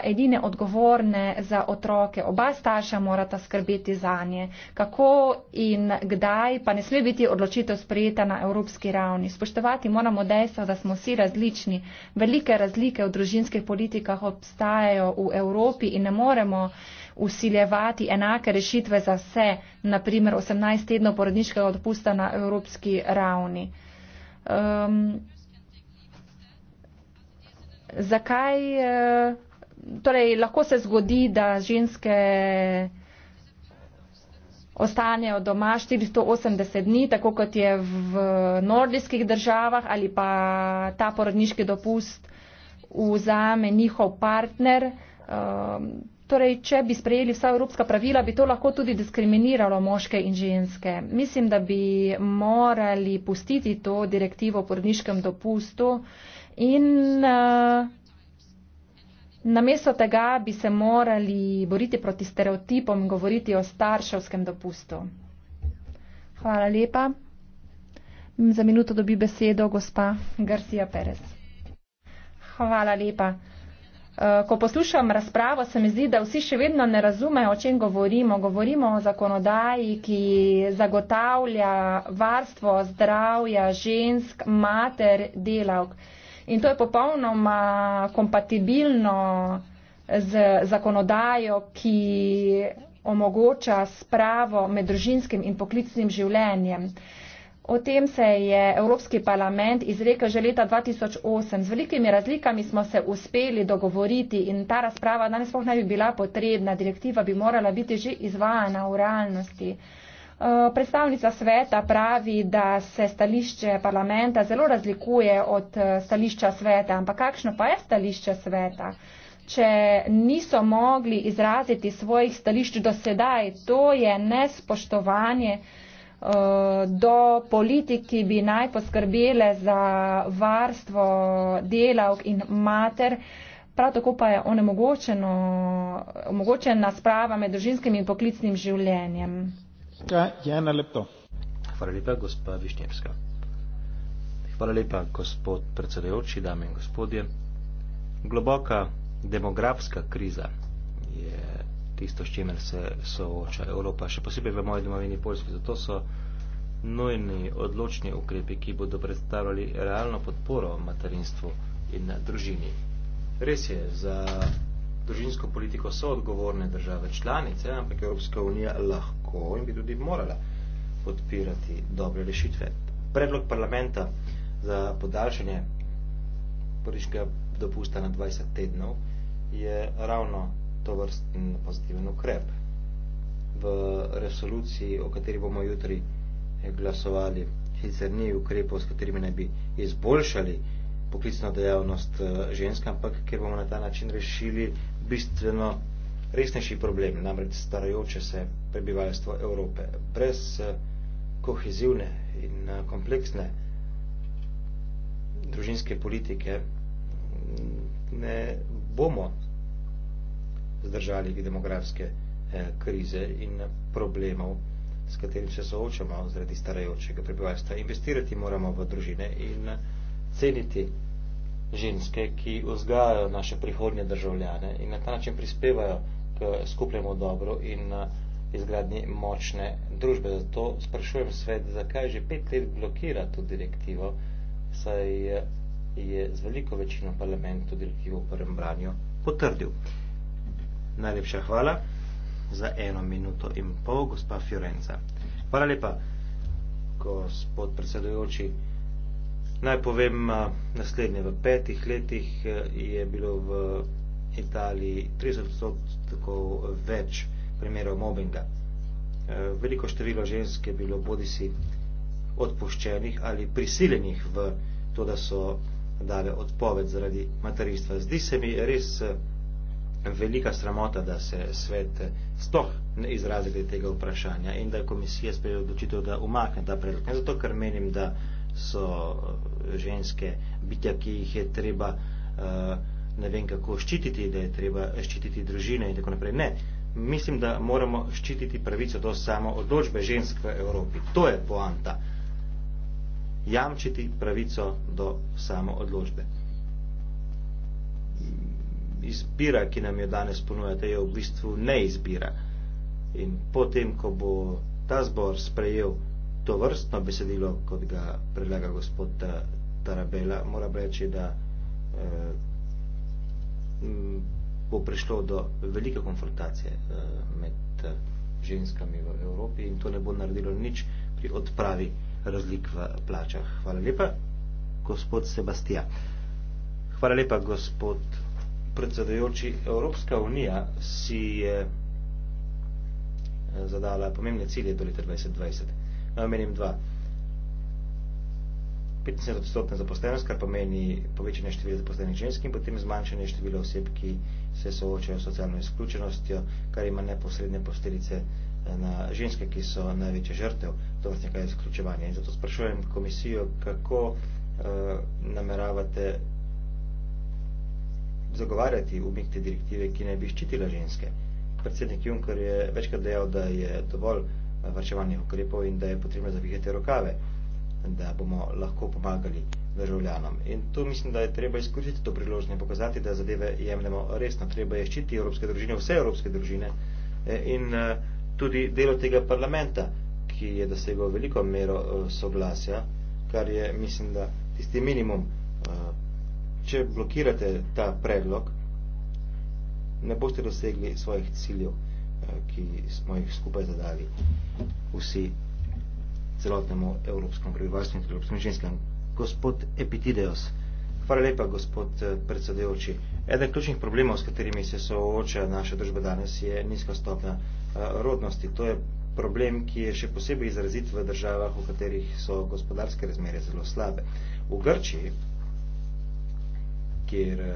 edine odgovorne za otroke, oba starša morata skrbeti za nje. Kako in kdaj pa ne sme biti odločitev sprejeta na evropski ravni. Spoštovati moramo dejstvo, da smo vsi različni. Velike razlike v družinskih politikah obstajajo v Evropi in ne moremo usiljevati enake rešitve za vse, naprimer 18 tednov porodniškega odpusta na evropski ravni. Um, zakaj? Eh, torej, lahko se zgodi, da ženske ostanejo doma 480 dni, tako kot je v nordijskih državah ali pa ta porodniški dopust vzame njihov partner. Um, Torej, če bi sprejeli vsa evropska pravila, bi to lahko tudi diskriminiralo moške in ženske. Mislim, da bi morali pustiti to direktivo o porodniškem dopustu in uh, namesto tega bi se morali boriti proti stereotipom in govoriti o starševskem dopustu. Hvala lepa. Za minuto dobi besedo gospa Garcia Perez. Hvala lepa. Ko poslušam razpravo, se mi zdi, da vsi še vedno ne razumejo, o čem govorimo. Govorimo o zakonodaji, ki zagotavlja varstvo zdravja žensk, mater, delavk. In to je popolnoma kompatibilno z zakonodajo, ki omogoča spravo med družinskim in poklicnim življenjem. Uh, O tem se je Evropski parlament izrekel že leta 2008. Z velikimi razlikami smo se uspeli dogovoriti in ta razprava danes pohna bi bila potrebna. Direktiva bi morala biti že izvajana v realnosti. Eh, predstavnica sveta pravi, da se stališče parlamenta zelo razlikuje od eh, stališča sveta, ampak kakšno pa je stališče sveta? Če niso mogli izraziti svojih stališč do sedaj, to je nespoštovanje. Eh, do politik, ki bi naj poskrbele za varstvo delavk in mater. Prav tako pa je omogočena sprava med družinskim in poklicnim življenjem. Ja, Hvala lepa, gospa Višnjevska. Hvala lepa, gospod predsedajoči, dame in gospodje. Globoka demografska kriza je tisto, s čimer se sooča Evropa, še posebej v moji domovini Poljski. Zato so nujni odločni ukrepi, ki bodo predstavljali realno podporo materinstvu in družini. Res je, za družinsko politiko so odgovorne države članice, ampak Evropska unija lahko in bi tudi morala podpirati dobre rešitve. Predlog parlamenta za podaljšanje porodniškega dopusta na 20 tednov je ravno to vrsten pozitiven ukrep. V resoluciji, o kateri bomo jutri glasovali, sicer ni ukrepov, s katerimi naj bi izboljšali poklicno dejavnost eh, žensk, ampak ker bomo na ta način rešili bistveno resnejši problem, namreč starajoče se prebivalstvo Evrope. Brez eh, kohezivne in eh, kompleksne družinske politike mm, ne bomo zdržali demografske eh, krize in problemov, s katerim se soočamo zaradi starajočega prebivalstva. Investirati moramo v družine in ceniti ženske, ki vzgajajo naše prihodnje državljane in na ta način prispevajo k skupnemu dobro in eh, izgradnji močne družbe. Zato sprašujem svet, zakaj že pet let blokira to direktivo, saj eh, je z veliko večino parlamentu direktivo v prvem branju potrdil. Najlepša hvala za eno minuto in pol, gospa Fiorenca. Hvala lepa, gospod predsedujoči. Naj povem naslednje. V petih letih e, je bilo v Italiji 30% tako več primerov mobinga. E, veliko število žensk je bilo bodisi odpuščenih ali prisiljenih v to, da so dale odpoved zaradi materinstva. Zdi se mi res velika sramota, da se svet eh, stoh ne izrazi tega vprašanja in da je komisija sprejela odločitev, da umakne ta predlog. Ne zato, ker menim, da so eh, ženske bitja, ki jih je treba eh, ne vem kako ščititi, da je treba ščititi družine in tako naprej. Ne, mislim, da moramo ščititi pravico do samo odločbe žensk v Evropi. To je poanta. Jamčiti pravico do samo odločbe izbira, ki nam jo danes ponujate, je v bistvu neizbira. In potem, ko bo ta zbor sprejel to vrstno besedilo, kot ga predlaga gospod Tarabela, moram reči, da eh, bo prišlo do velike konfrontacije eh, med eh, ženskami v Evropi in to ne bo naredilo nič pri odpravi razlik v plačah. Hvala lepa, gospod Sebastija. Hvala lepa, gospod predsedajoči, Evropska unija si je eh, zadala pomembne cilje do leta 2020. No, menim dva. 15-odstotna zaposlenost, kar pomeni povečanje števila zaposlenih žensk in potem zmanjšanje števila oseb, ki se soočajo s socialno izključenostjo, kar ima neposredne posledice eh, na ženske, ki so največje žrtev to vrstnega izključevanja. In zato sprašujem komisijo, kako uh, nameravate zagovarjati umik te direktive, ki ne bi ščitila ženske. Predsednik Juncker je večkrat dejal, da je dovolj eh, vrčevanih ukrepov in da je potrebno zavihati rokave, da bomo lahko pomagali državljanom. In tu mislim, da je treba izkoristiti to priložnost in pokazati, da zadeve jemljemo resno. Treba je ščiti evropske družine, vse evropske družine eh, in eh, tudi delo tega parlamenta, ki je dosegel veliko mero soglasja, kar je, mislim, da tisti minimum če blokirate ta predlog, ne boste dosegli svojih ciljev, eh, ki smo jih skupaj zadali vsi celotnemu evropskemu prebivalstvu in evropskim ženskam. Gospod Epitideos. Hvala lepa, gospod eh, predsedujoči. Eden ključnih problemov, s katerimi se sooča naša družba danes, je nizka stopnja eh, rodnosti. To je problem, ki je še posebej izrazit v državah, v katerih so gospodarske razmere zelo slabe. V Grčiji kjer eh,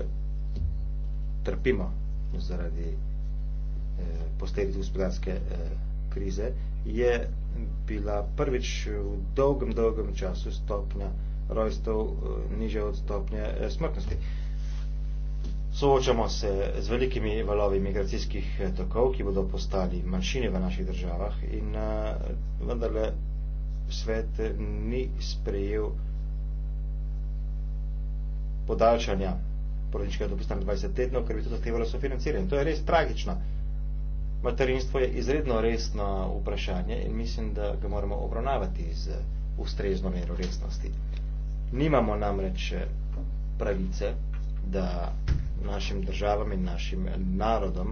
trpimo zaradi eh, posledic gospodarske eh, krize, je bila prvič v dolgem, dolgem času stopnja rojstev niže od stopnje smrtnosti. Soočamo se z velikimi valovi migracijskih tokov, ki bodo postali manjšine v naših državah in vendarle svet ni sprejel podaljšanja porodniškega dopusta na 20 tednov, ker bi to zahtevalo sofinanciranje. To je res tragično. Materinstvo je izredno resno vprašanje in mislim, da ga moramo obravnavati z ustrezno mero resnosti. Nimamo namreč eh, pravice, da našim državam in našim narodom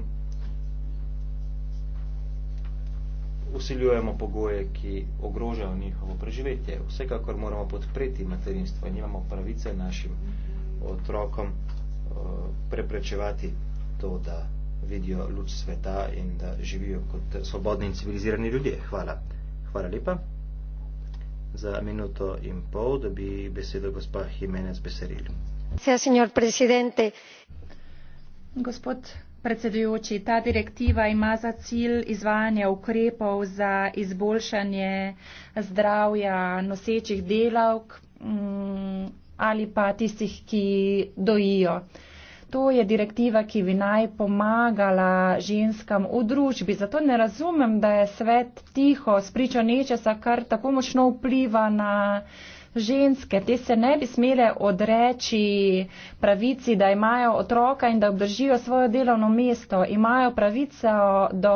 usiljujemo pogoje, ki ogrožajo njihovo preživetje. Vsekakor moramo podpreti materinstvo in imamo pravice našim mm -hmm otrokom eh, preprečevati to, da vidijo luč sveta in da živijo kot svobodni in civilizirani ljudje. Hvala. Hvala lepa. Za minuto in pol dobi besedo gospa Jimenez Beseril. Gospod predsedujoči, ta direktiva ima za cilj izvajanje ukrepov za izboljšanje zdravja nosečih delavk, mm, ali pa tistih, ki dojijo. To je direktiva, ki bi naj pomagala ženskam v družbi. Zato ne razumem, da je svet tiho, spričo nečesa, kar tako močno vpliva na ženske, te se ne bi smele odreči pravici, da imajo otroka in da obdržijo svojo delovno mesto. Imajo pravico do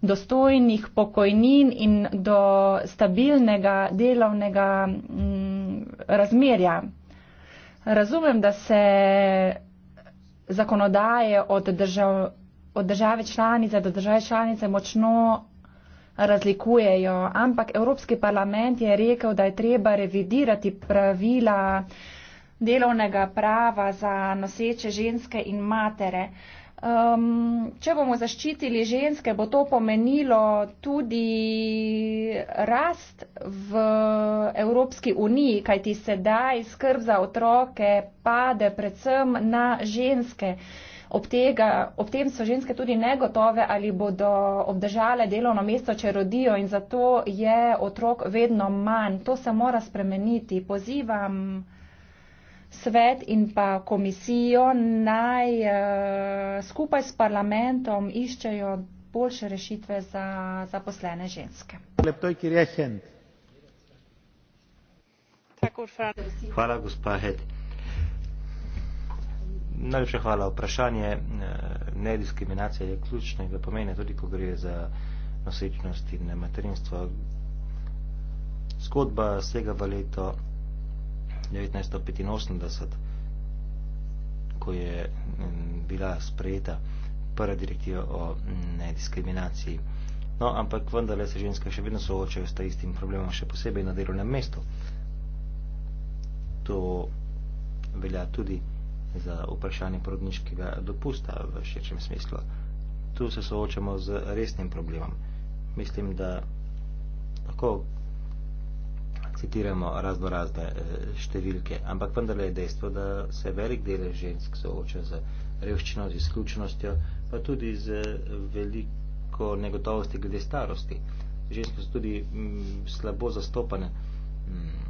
dostojnih pokojnin in do stabilnega delovnega m, mm, razmerja. Razumem, da se zakonodaje od, držav, od države članice do države članice močno razlikujejo, ampak Evropski parlament je rekel, da je treba revidirati pravila delovnega prava za noseče ženske in matere. Um, če bomo zaščitili ženske, bo to pomenilo tudi rast v Evropski uniji, kajti sedaj skrb za otroke pade predvsem na ženske. Uh, Ob, tega, ob tem so ženske tudi negotove, ali bodo obdržale delovno mesto, če rodijo in zato je otrok vedno manj. To se mora spremeniti. Pozivam svet in pa komisijo naj eh, skupaj s parlamentom iščejo boljše rešitve za zaposlene ženske. Hvala, gospa Hed. Najlepša hvala. Vprašanje eh, nediskriminacije je ključno in ga pomeni tudi, ko gre za nosečnost in materinstvo. Skodba sega v leto 1985, ko je mm, bila sprejeta prva direktiva o mm, nediskriminaciji. No, ampak vendarle se ženske še vedno soočajo s ta istim problemom, še posebej na delovnem mestu. To velja tudi za vprašanje porodniškega dopusta v širšem smislu. Tu se soočamo z resnim problemom. Mislim, da lahko citiramo razno razne eh, številke, ampak vendarle je dejstvo, da se velik del žensk sooča z revščino, z izključnostjo, pa tudi z eh, veliko negotovosti glede starosti. Ženske so tudi mm, slabo zastopane. Mm,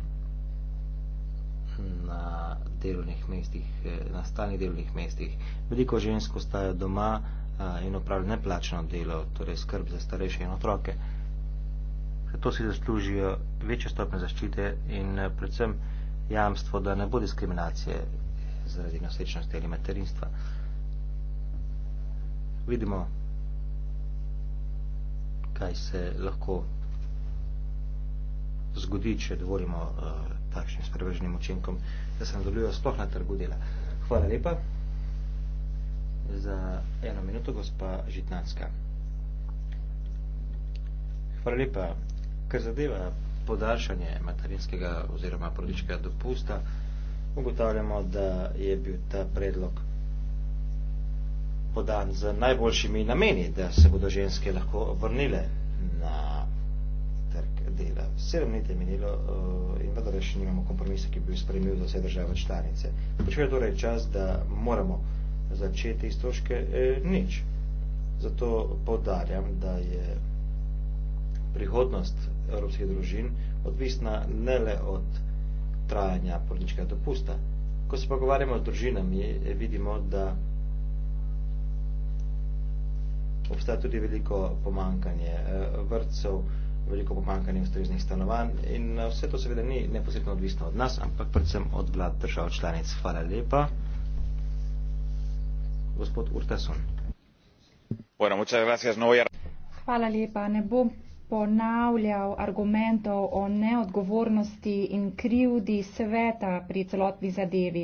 na delovnih mestih, eh, na stalnih delovnih mestih. Veliko žensk ostaja doma eh, in opravlja neplačno delo, torej skrb za starejše in otroke. Zato si zaslužijo večjo stopnjo zaščite in eh, predvsem jamstvo, da ne bo diskriminacije zaradi nosečnosti ali materinstva. Vidimo, kaj se lahko zgodi, če dovolimo uh, takšnim spreveženim učinkom, da se nadaljujejo sploh na trgu dela. Hvala lepa za eno minuto, gospa Žitnanska. Hvala lepa, ker zadeva podaljšanje materinskega oziroma prodičkega dopusta, ugotavljamo, da je bil ta predlog podan z najboljšimi nameni, da se bodo ženske lahko vrnile na dela. Sedem let je minilo uh, in vendar še nimamo kompromisa, ki bi spremljal za vse države članice. Počel je torej čas, da moramo začeti stroške eh, nič. Zato podarjam, da je prihodnost evropskih družin odvisna ne le od trajanja porničkega dopusta. Ko se pogovarjamo z družinami, eh, vidimo, da obstaja tudi veliko pomankanje eh, vrtcev, veliko pomankanje ustreznih stanovanj in eh, vse to seveda ni neposredno odvisno od nas, ampak predvsem od vlad držav članic. Hvala lepa. Gospod Urtasun. Bueno, muchas gracias. No voy a... Hvala lepa. Ne bom ponavljal argumentov o neodgovornosti in krivdi sveta pri celotni zadevi.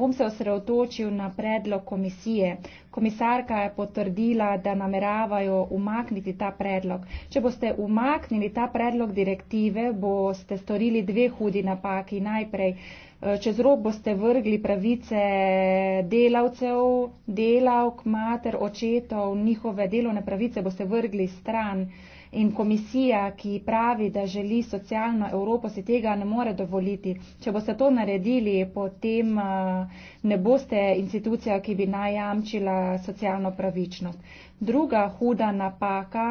Bom se osredotočil na predlog komisije. Komisarka je potrdila, da nameravajo umakniti ta predlog. Če boste umaknili ta predlog direktive, boste storili dve hudi napaki. Najprej, eh, čez rok boste vrgli pravice delavcev, delavk, mater, očetov, njihove delovne pravice boste vrgli stran. In komisija, ki pravi, da želi socialno Evropo, si tega ne more dovoliti. Če boste to naredili, potem eh, ne boste institucija, ki bi najamčila socialno pravičnost. Druga huda napaka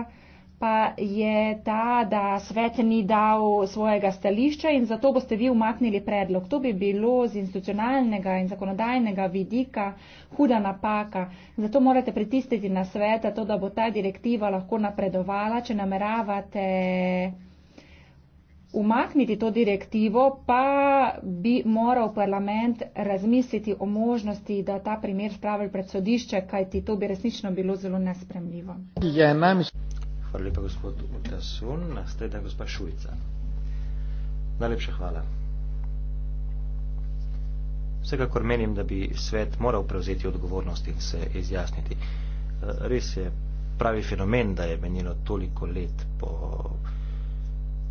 pa je ta, da svet ni dal svojega stališča in zato boste vi umaknili predlog. To bi bilo z institucionalnega in zakonodajnega vidika huda napaka. Zato morate pritisniti na svet, to, da bo ta direktiva lahko napredovala. Če nameravate umakniti to direktivo, pa bi moral parlament razmisliti o možnosti, da ta primer spravi pred sodišče, kajti to bi resnično bilo zelo nespremljivo. Hvala lepa, gospod Utasun. Nasledna gospa Šujca. Najlepša hvala. Vsekakor menim, da bi svet moral prevzeti odgovornost in se izjasniti. Res je pravi fenomen, da je menilo toliko let po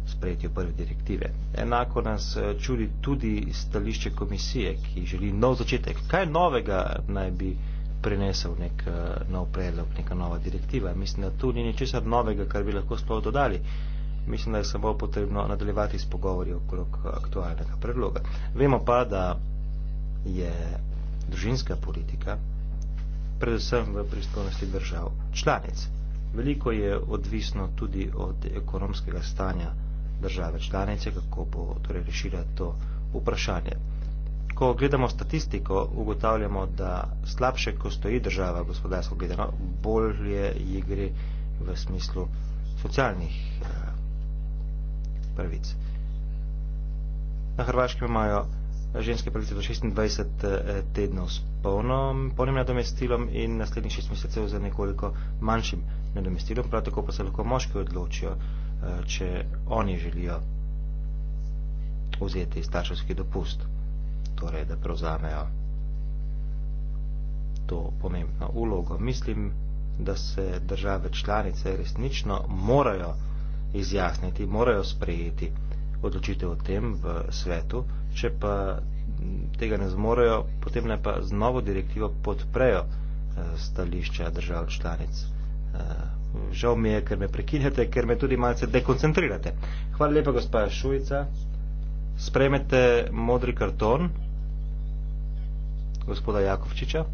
sprejetju prve direktive. Enako nas čudi tudi stališče komisije, ki želi nov začetek. Kaj novega naj bi prinesel nek eh, nov predlog, neka nova direktiva. Mislim, da tu ni ničesar novega, kar bi lahko sploh dodali. Mislim, da je samo potrebno nadaljevati s pogovori okrog eh, aktualnega predloga. Vemo pa, da je družinska politika predvsem v pristojnosti držav članic. Veliko je odvisno tudi od ekonomskega stanja države članice, kako bo torej rešila to vprašanje ko gledamo statistiko, ugotavljamo, da slabše, ko stoji država gospodarsko gledano, bolje ji gre v smislu socialnih eh, prvic. Na Hrvaškem imajo ženske pravice do 26 eh, tednov s polnom, polnim nadomestilom in naslednjih 6 mesecev za nekoliko manjšim nadomestilom. Prav tako pa se lahko moški odločijo, eh, če oni želijo vzeti starševski dopust torej, da prevzamejo to pomembno ulogo. Mislim, da se države članice resnično morajo izjasniti, morajo sprejeti odločitev o tem v svetu, če pa tega ne zmorejo, potem naj pa z novo direktivo podprejo eh, stališča držav članic. Eh, žal mi je, ker me prekinjate, ker me tudi malce dekoncentrirate. Hvala lepa, gospa Šujica. Spremete modri karton gospoda jakovčiča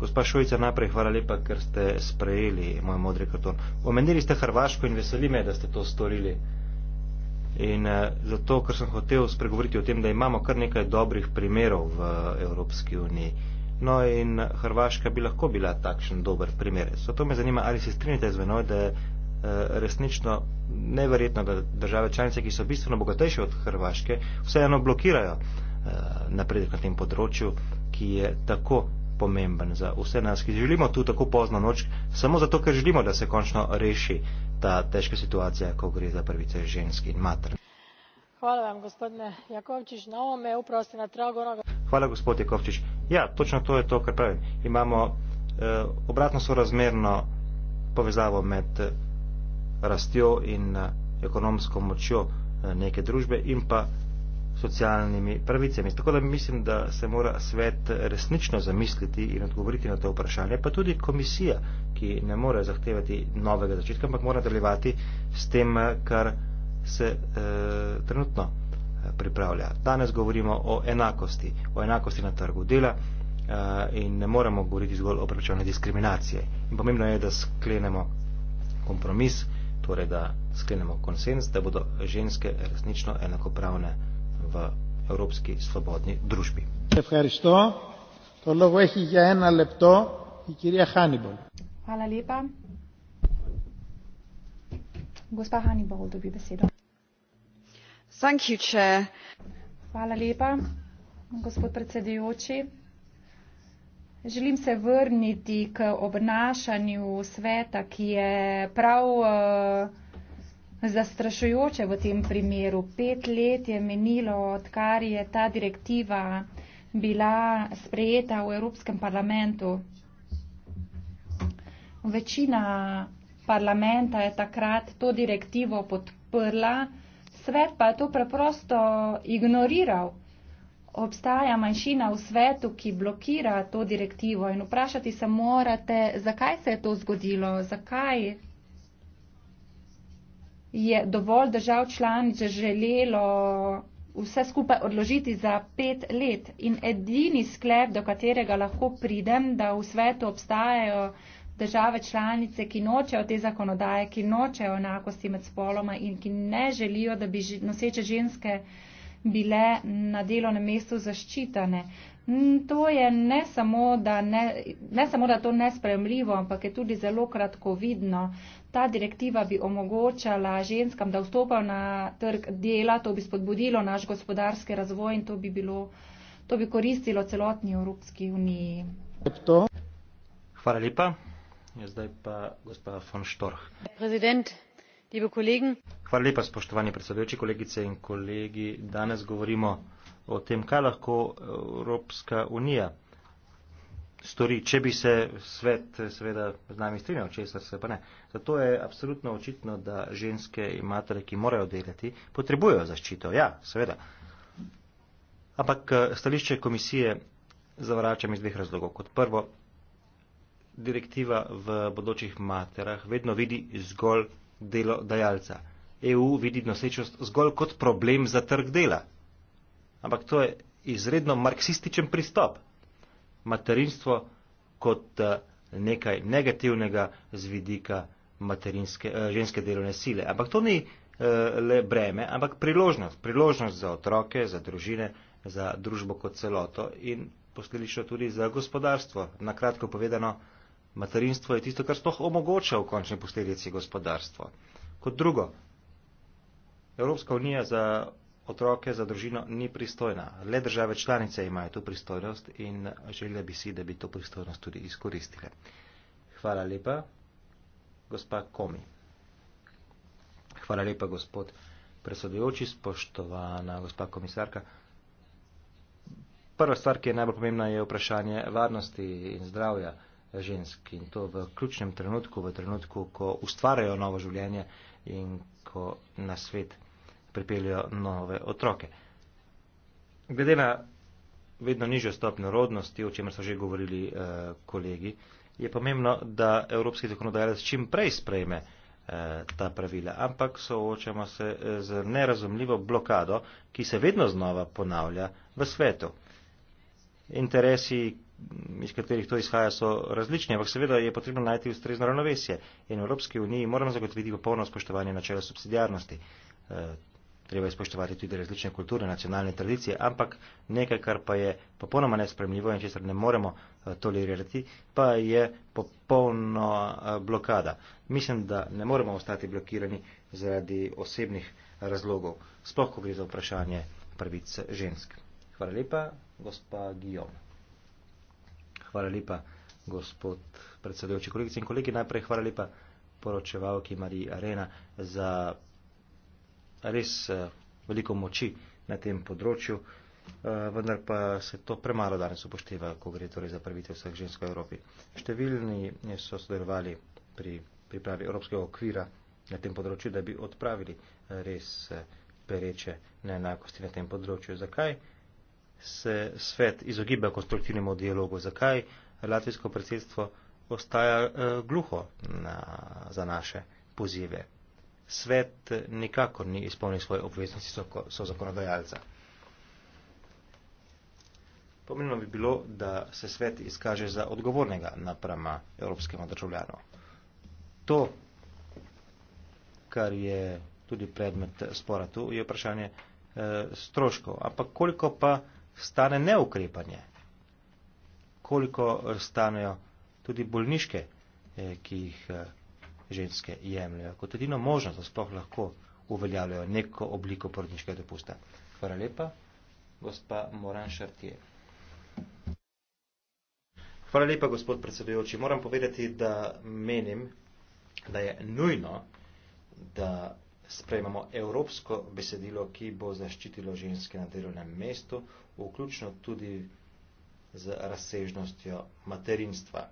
gospa šuica najprej hvala lepa ker ste sprejeli moj modri karton omenili ste hrvaško in veseli me da ste to storili in eh, zato ker sem hotel spregovoriti o tem da imamo kar nekaj dobrih primerov v evropski uniji No in Hrvaška bi lahko bila takšen dober primer. Zato me zanima, ali se strinjate z menoj, da je eh, resnično neverjetno, da države članice, ki so bistveno bogatejše od Hrvaške, vseeno blokirajo eh, napredek na tem področju, ki je tako pomemben za vse nas, ki želimo tu tako pozno noč, samo zato, ker želimo, da se končno reši ta težka situacija, ko gre za prvice ženski in mater. Hvala vam, gospodine Jakovčič, na ovome, upravo ste na tragu onoga. Hvala, gospod Jakovčič. Ja, točno to je to, kar pravim. Imamo eh, obratno sorazmerno povezavo med eh, rastjo in eh, ekonomsko močjo eh, neke družbe in pa socialnimi pravicami. Tako da mislim, da se mora svet resnično zamisliti in odgovoriti na to vprašanje, pa tudi komisija, ki ne more zahtevati novega začetka, ampak mora delovati s tem, eh, kar se e, trenutno pripravlja. Danes govorimo o enakosti, o enakosti na trgu dela e, in ne moremo govoriti zgolj o preprečevanju diskriminacije. In pomembno je, da sklenemo kompromis torej da sklenemo konsens, da bodo ženske resnično enakopravne v evropski svobodni družbi. Hvala lepa. Gospa Hannibal dobi besedo. Thank you, Hvala lepa, gospod predsedujoči. Želim se vrniti k obnašanju sveta, ki je prav uh, zastrašujoče v tem primeru. Pet let je menilo, odkar je ta direktiva bila sprejeta v Evropskem parlamentu. Večina parlamenta je takrat to direktivo podprla, svet pa je to preprosto ignoriral obstaja manjšina v svetu, ki blokira to direktivo in vprašati se morate, zakaj se je to zgodilo, zakaj je dovolj držav članice želelo vse skupaj odložiti za pet let. In edini sklep, do katerega lahko pridem, da v svetu obstajajo države članice, ki nočejo te zakonodaje, ki nočejo enakosti med spoloma in ki ne želijo, da bi noseče ženske bile na delovnem mestu zaščitane. Mm, to je ne samo, da, ne, ne samo, da to nespremljivo, ampak je tudi zelo kratkovidno. Ta direktiva bi omogočala ženskam, da vstopajo na trg dela, to bi spodbudilo naš gospodarski razvoj in to bi, bilo, to bi koristilo celotni Evropski uniji. Hvala lepa. Zdaj pa gospod von Štorh. President. Hvala lepa, spoštovani predsedujoči, kolegice in kolegi. Danes govorimo o tem, kaj lahko Evropska unija stori, če bi se svet seveda z nami strinjal, če se pa ne. Zato je absolutno očitno, da ženske in matere, ki morajo delati, potrebujejo zaščito. Ja, seveda. Ampak stališče komisije zavračam iz dveh razlogov. Kot prvo, direktiva v bodočih materah vedno vidi zgolj delodajalca. EU vidi nosečnost zgolj kot problem za trg dela. Ampak to je izredno marksističen pristop. Materinstvo kot eh, nekaj negativnega z vidika materinske, eh, ženske delovne sile. Ampak to ni eh, le breme, ampak priložnost. Priložnost za otroke, za družine, za družbo kot celoto in posledično tudi za gospodarstvo. Na kratko povedano, Materinstvo je tisto, kar sploh omogoča v končni posledici gospodarstvo. Kot drugo, Evropska unija za otroke, za družino ni pristojna. Le države članice imajo to pristojnost in želela bi si, da bi to pristojnost tudi izkoristile. Hvala lepa, gospa Komi. Hvala lepa, gospod predsedujoči, spoštovana gospa komisarka. Prva stvar, ki je najbolj pomembna, je vprašanje varnosti in zdravja žensk in to v ključnem trenutku, v trenutku, ko ustvarjajo novo življenje in ko na svet pripeljajo nove otroke. Glede na vedno nižjo stopnjo rodnosti, o čemer so že govorili eh, kolegi, je pomembno, da Evropski zakonodajalec čim prej sprejme eh, ta pravila, ampak soočamo se eh, z nerazumljivo blokado, ki se vedno znova ponavlja v svetu. Interesi, iz katerih to izhaja, so različni, ampak seveda je potrebno najti ustrezno ravnovesje in v Evropski uniji moramo zagotoviti popolno spoštovanje načela subsidijarnosti. Eh, treba je spoštovati tudi različne kulture, nacionalne tradicije, ampak nekaj, kar pa je popolnoma nespremljivo in česar ne moremo eh, tolerirati, pa je popolno eh, blokada. Mislim, da ne moremo ostati blokirani zaradi osebnih razlogov, sploh ko gre za vprašanje pravic žensk. Hvala lepa, gospa Guillaume. Hvala lepa, gospod predsedujoči. Kolegice in kolegi, najprej hvala lepa poročevalki Mariji Arena za res eh, veliko moči na tem področju, eh, vendar pa se to premalo danes upošteva, ko gre torej za pravitev vseh žensk v Evropi. Številni so sodelovali pri pripravi Evropskega okvira na tem področju, da bi odpravili eh, res pereče neenakosti na tem področju. Zakaj? se svet izogiba konstruktivnemu dialogu, zakaj latvijsko predsedstvo ostaja uh, gluho na, za naše pozive. Svet nikakor ni izpolnil svoje obveznosti, so, so zakonodajalca. Pomembno bi bilo, da se svet izkaže za odgovornega naprama evropskemu državljanu. To, kar je tudi predmet spora tu, je vprašanje e, stroškov. Ampak koliko pa stane neukrepanje, koliko eh, stanejo tudi bolniške, eh, ki jih eh, ženske jemljajo, kot edino možnost, da sploh lahko uveljavljajo neko obliko porodniškega dopusta. Hvala lepa, gospa Moran Šartije. Hvala lepa, gospod predsedujoči. Moram povedati, da menim, da je nujno, da sprejmemo evropsko besedilo, ki bo zaščitilo ženske na delovnem mestu, vključno tudi z razsežnostjo materinstva.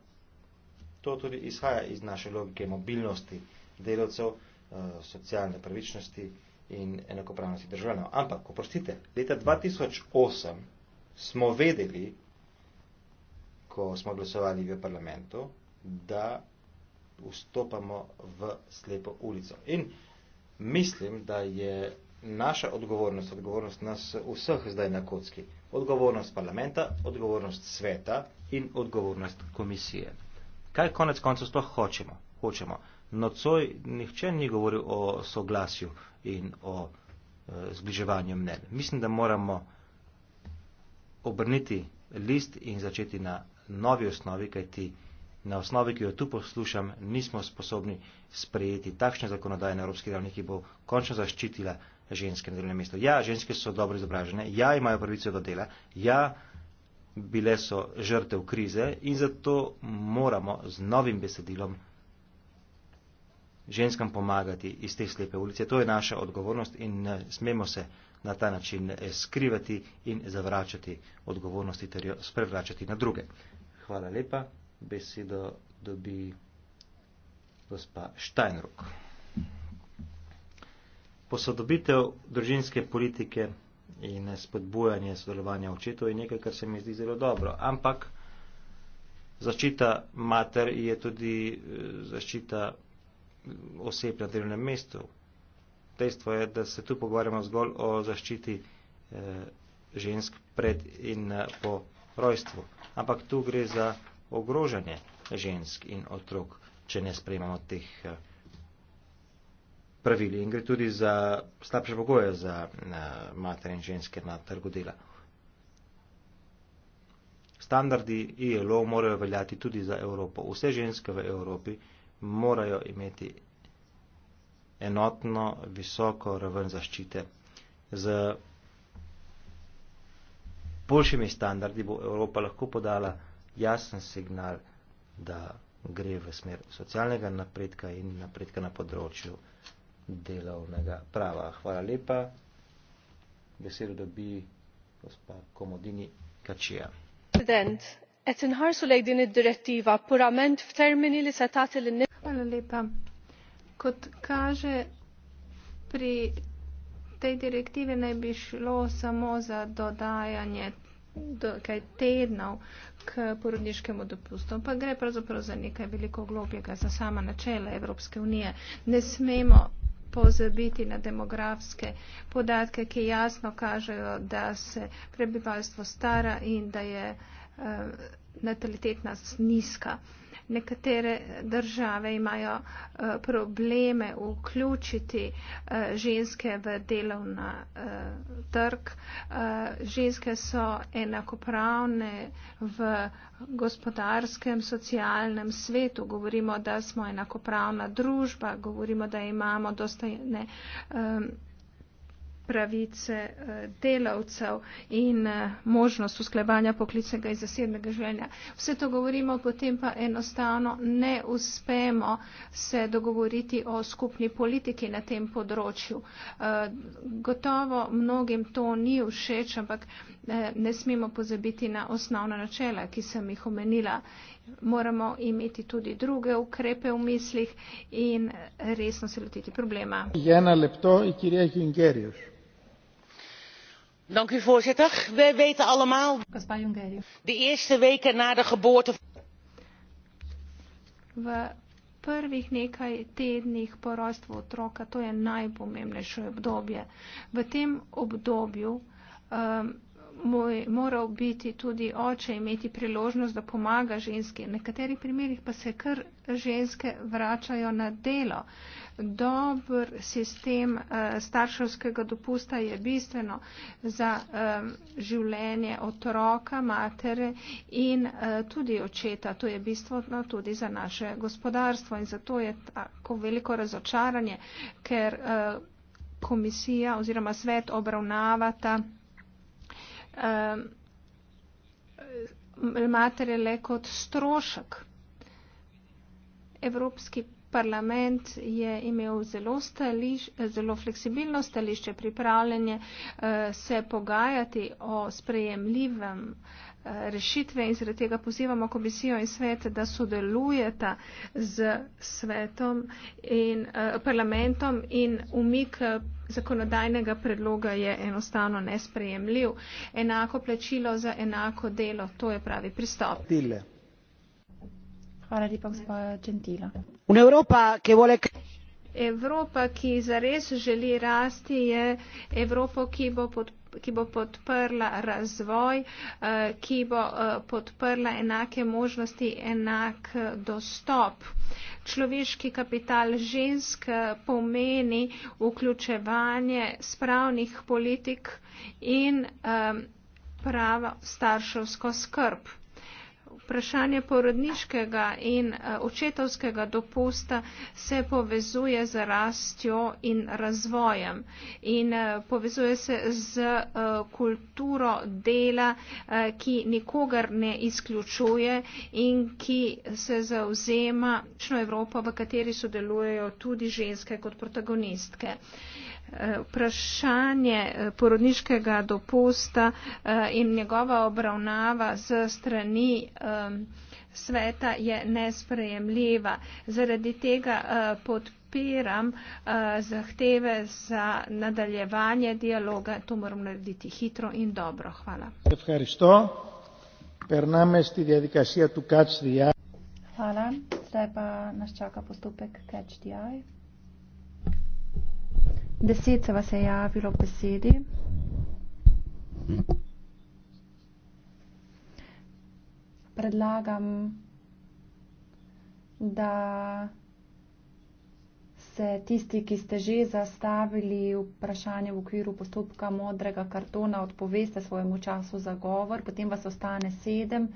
To tudi izhaja iz naše logike mobilnosti delovcev, eh, socialne pravičnosti in enakopravnosti državljanov. Ampak, oprostite, leta 2008 smo vedeli, ko smo glasovali v parlamentu, da vstopamo v slepo ulico. In mislim, da je naša odgovornost, odgovornost nas vseh zdaj na kocki, odgovornost parlamenta, odgovornost sveta in odgovornost komisije. Kaj konec koncev sploh hočemo? Hočemo. Nocoj nihče ni govoril o soglasju in o e, zbliževanju mnen. Mislim, da moramo obrniti list in začeti na novi osnovi, kajti ti na osnovi, ki jo tu poslušam, nismo sposobni sprejeti takšne zakonodaje na evropski ravni, ki bo končno zaščitila ženske na delovnem mestu. Ja, ženske so dobro izobražene, ja, imajo pravico do dela, ja, bile so žrtev krize in zato moramo z novim besedilom ženskam pomagati iz te slepe ulice. To je naša odgovornost in ne eh, smemo se na ta način eh, skrivati in zavračati odgovornosti ter jo sprevračati na druge. Hvala lepa besedo dobi gospa Štajnrok. Posodobitev družinske politike in spodbujanje sodelovanja očetov je nekaj, kar se mi zdi zelo dobro, ampak zaščita mater je tudi eh, zaščita eh, oseb na delovnem mestu. Dejstvo je, da se tu pogovarjamo zgolj o zaščiti eh, žensk pred in po rojstvu. Ampak tu gre za ogrožanje žensk in otrok, če ne sprejmemo teh eh, pravil. In gre tudi za slabše pogoje za eh, mater in ženske na trgu dela. Standardi ILO morajo veljati tudi za Evropo. Vse ženske v Evropi morajo imeti enotno, visoko raven zaščite. Z boljšimi standardi bo Evropa lahko podala jasen signal, da gre v smer socialnega napredka in napredka na področju delovnega prava. Hvala lepa. Besedo dobi gospa Komodini Kačija. Hvala lepa. Kot kaže, pri tej direktivi naj bi šlo samo za dodajanje do, kaj tednov k porodniškemu dopustu, ampak gre pravzaprav za nekaj veliko globjega, za sama načela Evropske unije. Ne smemo pozabiti na demografske podatke, ki jasno kažejo, da se prebivalstvo stara in da je uh, eh, natalitetna nizka. Uh, nekatere države imajo eh, probleme vključiti eh, ženske v delovna eh, trg. Ženske so enakopravne v gospodarskem, socialnem svetu. Govorimo, da smo enakopravna družba, govorimo, da imamo dostojne pravice eh, delavcev in eh, možnost usklevanja poklicnega in zasebnega življenja. Vse to govorimo, potem pa enostavno ne uspemo se dogovoriti o skupni politiki na tem področju. Eh, gotovo mnogim to ni všeč, ampak ne smemo pozabiti na osnovna načela, ki sem jih omenila. Moramo imeti tudi druge ukrepe v mislih in resno se lotiti problema. Jena Lepto in Kirija Hingerjev voorzitter wij weten allemaal de eerste weken na de geboorte v prvih nekaj tednih po rojstvu otroka to je najpomembnejše obdobje v tem obdobju um, moj, moral biti tudi oče, imeti priložnost, da pomaga ženski. V nekaterih primerjih pa se kar ženske vračajo na delo. Dobr sistem uh, starševskega dopusta je bistveno za um, življenje otroka, matere in uh, tudi očeta. To je bistveno tudi za naše gospodarstvo in zato je tako veliko razočaranje, ker. Uh, komisija oziroma svet obravnavata matere le kot strošek. Evropski parlament je imel zelo, stališ, zelo fleksibilno stališče pripravljanje eh, se pogajati o sprejemljivem uh, rešitve in zaradi tega pozivamo komisijo in svet, da sodelujeta z svetom in eh, parlamentom in umik eh, zakonodajnega predloga je enostavno nesprejemljiv. Enako plačilo za enako delo, to je pravi pristop. Dile. Hvala lepa, gospa Čentila. Evropa, ki zares želi rasti, je Evropo, ki bo podporila ki bo podprla razvoj, eh, ki bo eh, podprla enake možnosti, enak eh, dostop. Človeški kapital žensk pomeni vključevanje spravnih politik in pravo starševsko skrb. Vprašanje porodniškega in eh, očetovskega dopusta se povezuje z rastjo in razvojem in eh, povezuje se z eh, kulturo dela, ki nikogar ne izključuje in ki se zauzema čno Evropo, v kateri sodelujejo tudi ženske kot protagonistke. Vprašanje porodniškega dopusta in njegova obravnava z strani Um, sveta je nesprejemljiva. Zaradi tega uh, podpiram uh, zahteve za nadaljevanje dialoga. To moramo narediti hitro in dobro. Hvala. Hvala. Zdaj pa nas čaka postopek Catch the Eye. Deset se vas je javilo besedi. Mm-hmm. predlagam, da se tisti, ki ste že zastavili vprašanje v okviru postopka modrega kartona, odpoveste svojemu času za govor, potem vas ostane sedem.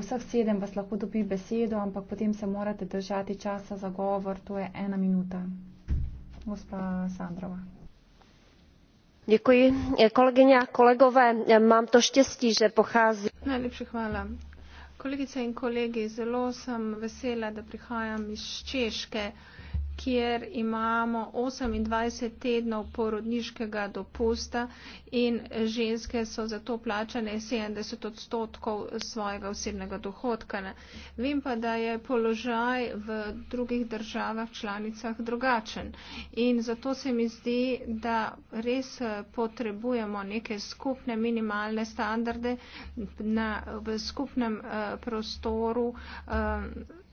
Vseh sedem vas lahko dobi besedo, ampak potem se morate držati časa za govor, to je ena minuta. Gospa Sandrova paní předsedající mám to štěstí že pocházím kolegyně in kolegi zelo sem vesela da prihajam iz češke kjer imamo 28 tednov porodniškega dopusta in ženske so za to plačane 70 odstotkov svojega osebnega dohodka. Vem pa, da je položaj v drugih državah članicah drugačen in zato se mi zdi, da res eh, potrebujemo neke skupne minimalne standarde na, v skupnem eh, prostoru. Eh,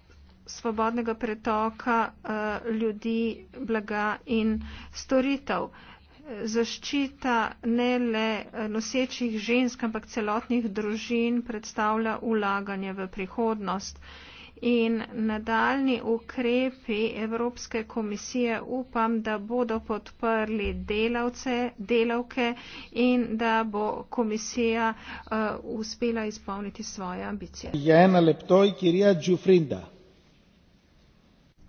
svobodnega pretoka eh, ljudi, blaga in storitev. Zaščita ne le eh, nosečih žensk, ampak celotnih družin predstavlja ulaganje v prihodnost. In nadaljni ukrepi Evropske komisije upam, da bodo podprli delavce, delavke in da bo komisija uh, uspela izpolniti svoje ambicije. Jena Leptoj, Kirija Džufrinda.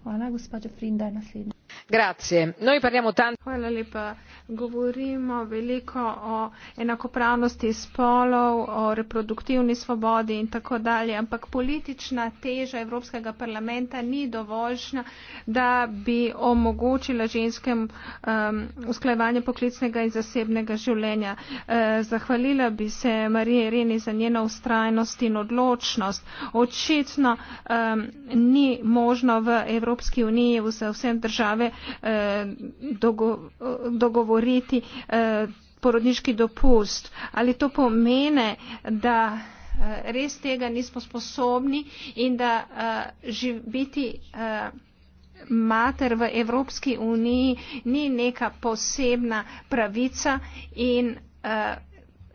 Hvala lepa. Gospa Jeffrey, da je naslednja. Grazie. Noi parliamo tanto. Hvala lepa. Gospa Jeffrey, da je naslednja govorimo veliko o enakopravnosti spolov, o reproduktivni svobodi in tako dalje, ampak politična teža Evropskega parlamenta ni dovoljšna, da bi omogočila ženskem um, usklajevanje poklicnega in zasebnega življenja. Uh, zahvalila bi se Marije Reni za njeno ustrajnost in odločnost. Očitno um, ni možno v Evropski uniji vse vsem države uh, dogo dogovoriti govoriti eh, porodniški dopust. Ali to pomeni, da eh, res tega nismo sposobni in da eh, živ, biti eh, mater v Evropski uniji ni neka posebna pravica in eh,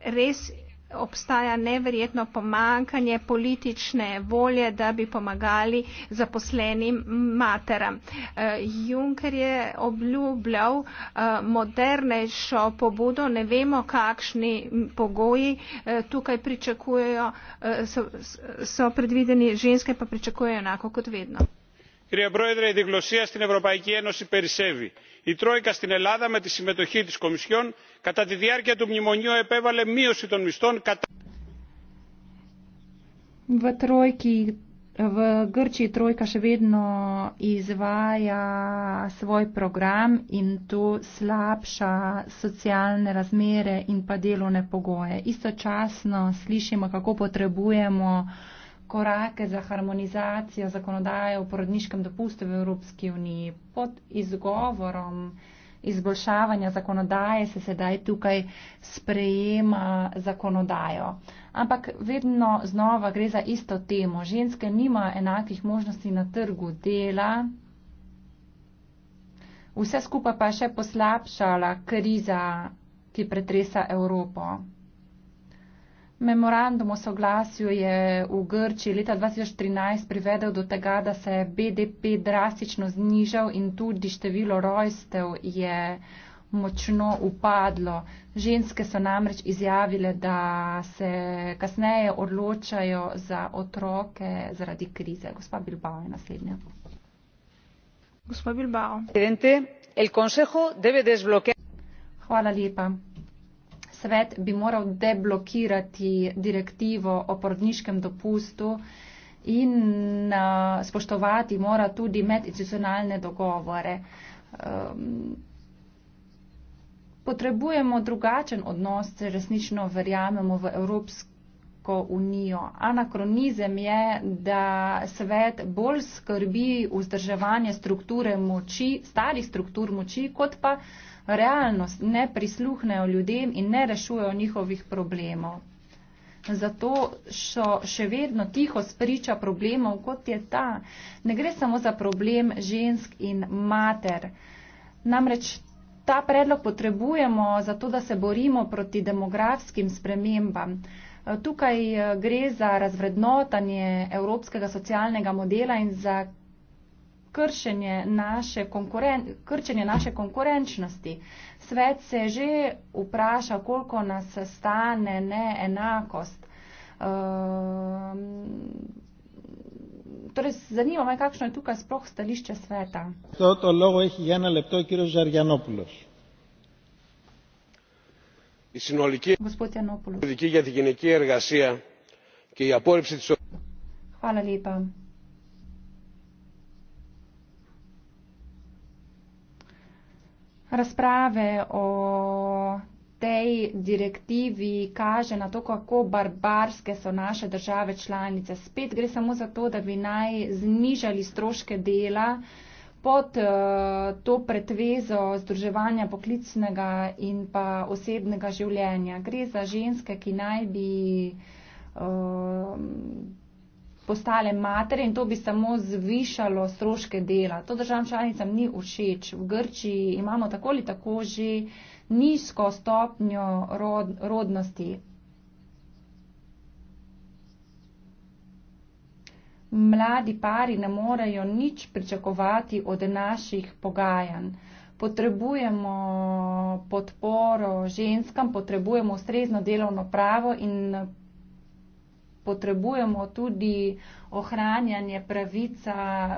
res obstaja neverjetno pomankanje politične volje, da bi pomagali zaposlenim materam. Eh, Juncker je obljubljal eh, modernejšo pobudo, ne vemo, kakšni pogoji eh, tukaj pričakujejo, so, so predvideni ženske, pa pričakujejo enako kot vedno κύριε πρόεδρε η διγλωσία στην ευρωπαϊκή ένωση περισσεύει. η τρόικα στην ελλάδα με τη συμμετοχή της κομισιόν κατά τη διάρκεια του μνημονίου επέβαλε μείωση των μισθών κατά. V trojki, v Grčiji trojka še vedno izvaja svoj program in tu slabša socialne razmere in pa delovne pogoje. Istočasno slišimo, kako potrebujemo uh, korake za harmonizacijo zakonodaje o porodniškem dopustu v Evropski uniji. Pod izgovorom izboljšavanja zakonodaje se sedaj tukaj sprejema zakonodajo. Ampak vedno znova gre za isto temo. Ženske nima enakih možnosti na trgu dela. Vse skupaj pa je še poslabšala kriza, ki pretresa Evropo. Memorandum o soglasju je v Grči leta 2013 privedel do tega, da se je BDP drastično znižal in tudi število rojstev je močno upadlo. Ženske so namreč izjavile, da se kasneje odločajo za otroke zaradi krize. Gospa Bilbao je naslednja. Gospa Bilbao. Hvala lepa svet bi moral deblokirati direktivo o porodniškem dopustu in uh, spoštovati mora tudi medinstitucionalne dogovore. Um, potrebujemo drugačen odnos, če resnično verjamemo v Evropsko unijo. Anakronizem je, da svet bolj skrbi vzdrževanje strukture moči, starih struktur moči, kot pa realnost, ne prisluhnejo ljudem in ne rešujejo njihovih problemov. Zato so še vedno tiho spriča problemov, kot je ta. Ne gre samo za problem žensk in mater. Namreč ta predlog potrebujemo zato, da se borimo proti demografskim spremembam. Tukaj eh, gre za razvrednotanje evropskega socialnega modela in za kršenje naše, konkuren, krčenje naše konkurenčnosti. Svet se že vpraša, koliko nas stane neenakost. Um, Torej, zanima me, kakšno je tukaj sploh stališče sveta. To, to logo je jedna lepto, kjer je Žarjanopulos. Gospod Janopulos. Hvala lepa. razprave o tej direktivi kaže na to, kako barbarske so naše države članice. Spet gre samo za to, da bi naj znižali stroške dela pod uh, to pretvezo združevanja poklicnega in pa osebnega življenja. Gre za ženske, ki naj bi. Uh, postale matere in to bi samo zvišalo stroške dela. To državam članicam ni všeč. V Grčiji imamo tako ali tako že nizko stopnjo rod, rodnosti. Mladi pari ne morejo nič pričakovati od naših pogajanj. Potrebujemo podporo ženskam, potrebujemo ustrezno delovno pravo in potrebujemo tudi ohranjanje pravica,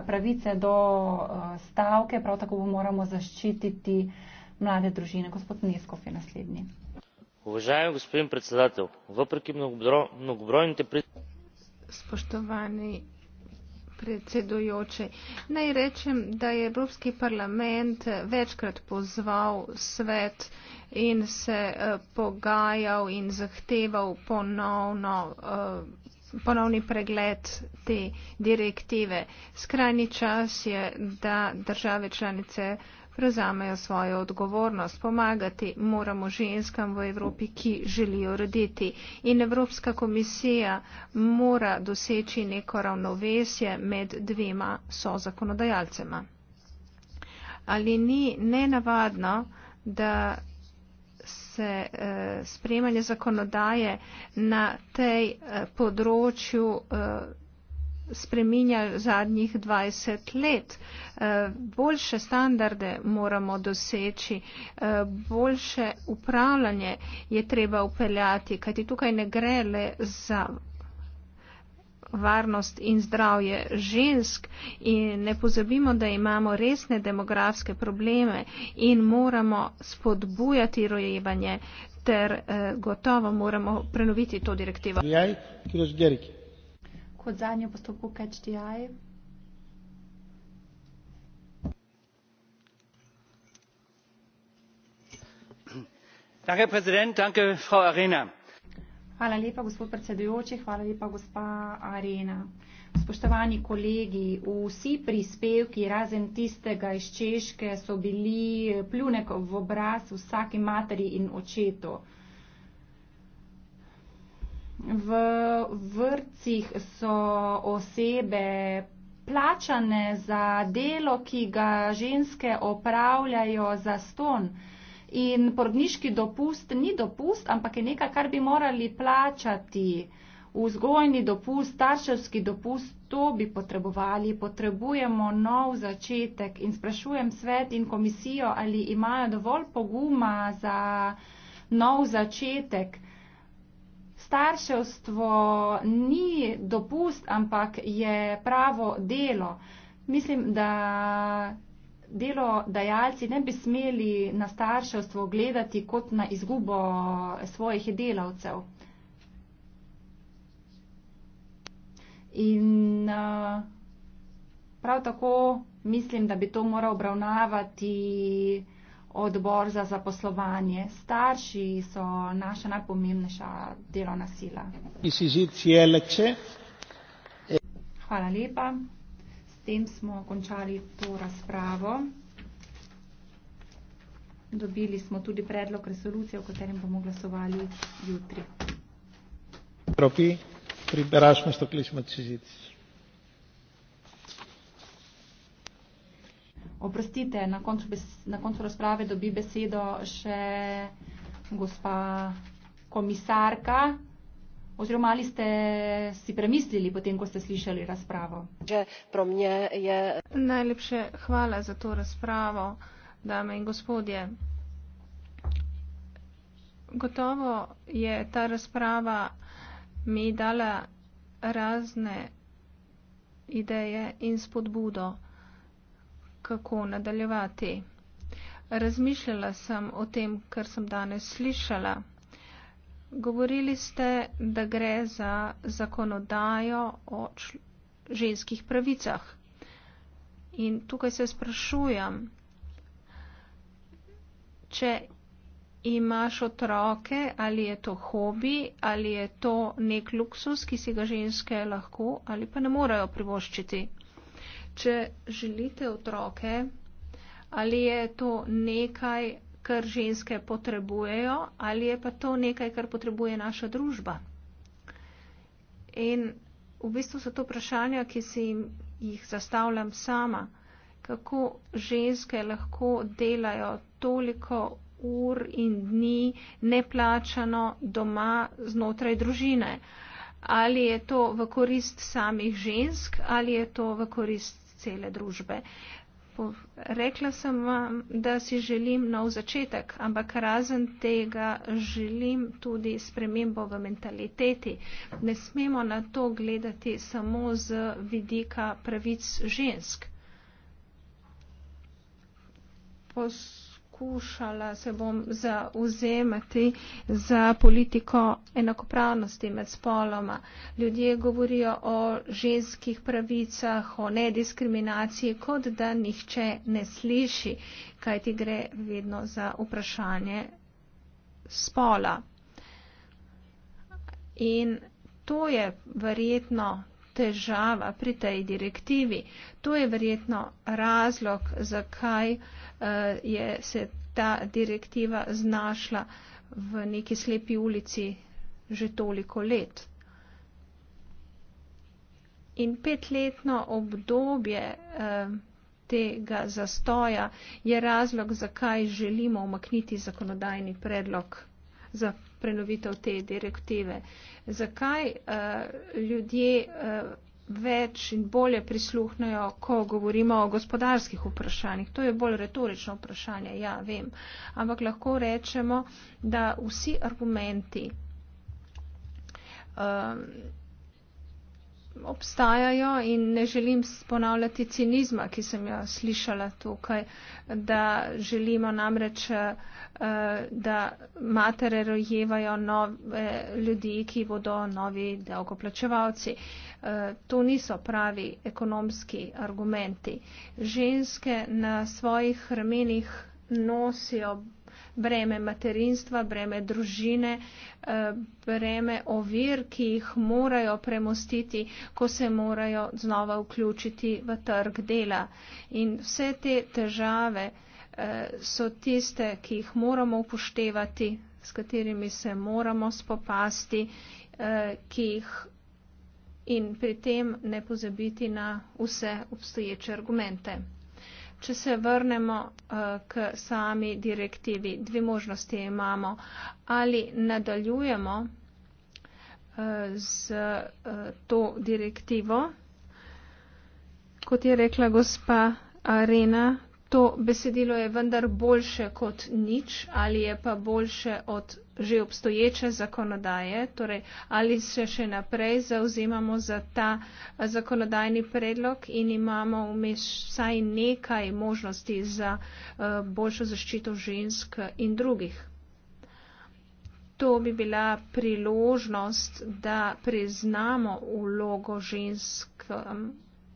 pravice do eh, stavke, prav tako bo moramo zaščititi mlade družine. Gospod Neskov je naslednji. Uvažajem, gospodin predsedatel, vopreki mnogobrojnite pritiske. Spoštovani predsedujoči, naj rečem, da je Evropski parlament večkrat pozval svet in se eh, pogajal in zahteval ponovno, eh, ponovni pregled te direktive. Skrajni čas je, da države članice prevzamejo svojo odgovornost. Pomagati moramo ženskam v Evropi, ki želijo roditi. In Evropska komisija mora doseči neko ravnovesje med dvema sozakonodajalcema. Ali ni nenavadno, da se eh, sprejemanje zakonodaje na tej eh, področju eh, spreminja zadnjih 20 let. Boljše standarde moramo doseči, boljše upravljanje je treba upeljati, kajti tukaj ne gre le za varnost in zdravje žensk in ne pozabimo, da imamo resne demografske probleme in moramo spodbujati rojevanje ter eh, gotovo moramo prenoviti to direktivo. Kot zadnji postopku CatchDI. Danke, Präsident. Danke, Frau Arena. Hvala lepa, gospod predsedujoči, hvala lepa, gospa Arena. Spoštovani kolegi, vsi prispevki razen tistega iz Češke so bili pljunek v obraz vsaki materi in očetu. V vrcih so osebe plačane za delo, ki ga ženske opravljajo za ston. In porodniški dopust ni dopust, ampak je nekaj, kar bi morali plačati. Vzgojni dopust, starševski dopust, to bi potrebovali. Potrebujemo nov začetek in sprašujem svet in komisijo, ali imajo dovolj poguma za nov začetek. Starševstvo ni dopust, ampak je pravo delo. Mislim, da delodajalci ne bi smeli na starševstvo gledati kot na izgubo svojih delavcev. In eh, prav tako mislim, da bi to moral obravnavati odbor za zaposlovanje. Starši so naša najpomembnejša delovna sila. Hvala lepa tem smo končali to razpravo. Dobili smo tudi predlog resolucije, o katerem bomo glasovali jutri. Propi, priberaš mesto klišma Čežic. Oprostite, na koncu, na koncu razprave dobi besedo še gospa komisarka. Oziroma ali ste si premislili potem, ko ste slišali razpravo? Je... Najlepše hvala za to razpravo, dame in gospodje. Gotovo je ta razprava mi dala razne ideje in spodbudo, kako nadaljevati. Razmišljala sem o tem, kar sem danes slišala. Govorili ste, da gre za zakonodajo o ženskih pravicah. In tukaj se sprašujem, če imaš otroke, ali je to hobi, ali je to nek luksus, ki si ga ženske lahko ali pa ne morejo privoščiti. Če želite otroke, ali je to nekaj, kar ženske potrebujejo, ali je pa to nekaj, kar potrebuje naša družba. In v bistvu so to vprašanja, ki si jih zastavljam sama, kako ženske lahko delajo toliko ur in dni neplačano doma znotraj družine. Ali je to v korist samih žensk ali je to v korist cele družbe. Uh, rekla sem vam, da si želim nov začetek, ampak razen tega želim tudi spremembo v mentaliteti. Ne smemo na to gledati samo z vidika pravic žensk. Pos poskušala se bom zauzemati za politiko enakopravnosti med spoloma. Ljudje govorijo o ženskih pravicah, o nediskriminaciji, kot da nihče ne sliši, kaj ti gre vedno za vprašanje spola. In to je verjetno težava pri tej direktivi. To je verjetno razlog, zakaj uh, je se ta direktiva znašla v neki slepi ulici že toliko let. In petletno obdobje eh, tega zastoja je razlog, zakaj želimo omakniti zakonodajni predlog za prenovitev te direktive. Zakaj eh, ljudje. Eh, več in bolje prisluhnejo, ko govorimo o gospodarskih vprašanjih. To je bolj retorično vprašanje, ja, vem. Ampak lahko rečemo, da vsi argumenti um, obstajajo in ne želim ponavljati cinizma, ki sem jo slišala tukaj, da želimo namreč, eh, da matere rojevajo nove ljudi, ki bodo novi davkoplačevalci. Eh, to niso pravi ekonomski argumenti. Ženske na svojih ramenih nosijo breme materinstva, breme družine, eh, breme ovir, ki jih morajo premostiti, ko se morajo znova vključiti v trg dela. In vse te težave eh, so tiste, ki jih moramo upoštevati, s katerimi se moramo spopasti, eh, ki jih in pri tem ne pozabiti na vse obstoječe argumente. Če se vrnemo eh, k sami direktivi, dve možnosti imamo. Ali nadaljujemo eh, z eh, to direktivo, kot je rekla gospa Arena, To besedilo je vendar boljše kot nič ali je pa boljše od že obstoječe zakonodaje, torej ali se še naprej zauzemamo za ta zakonodajni predlog in imamo vmes vsaj nekaj možnosti za boljšo zaščito žensk in drugih. To bi bila priložnost, da priznamo vlogo žensk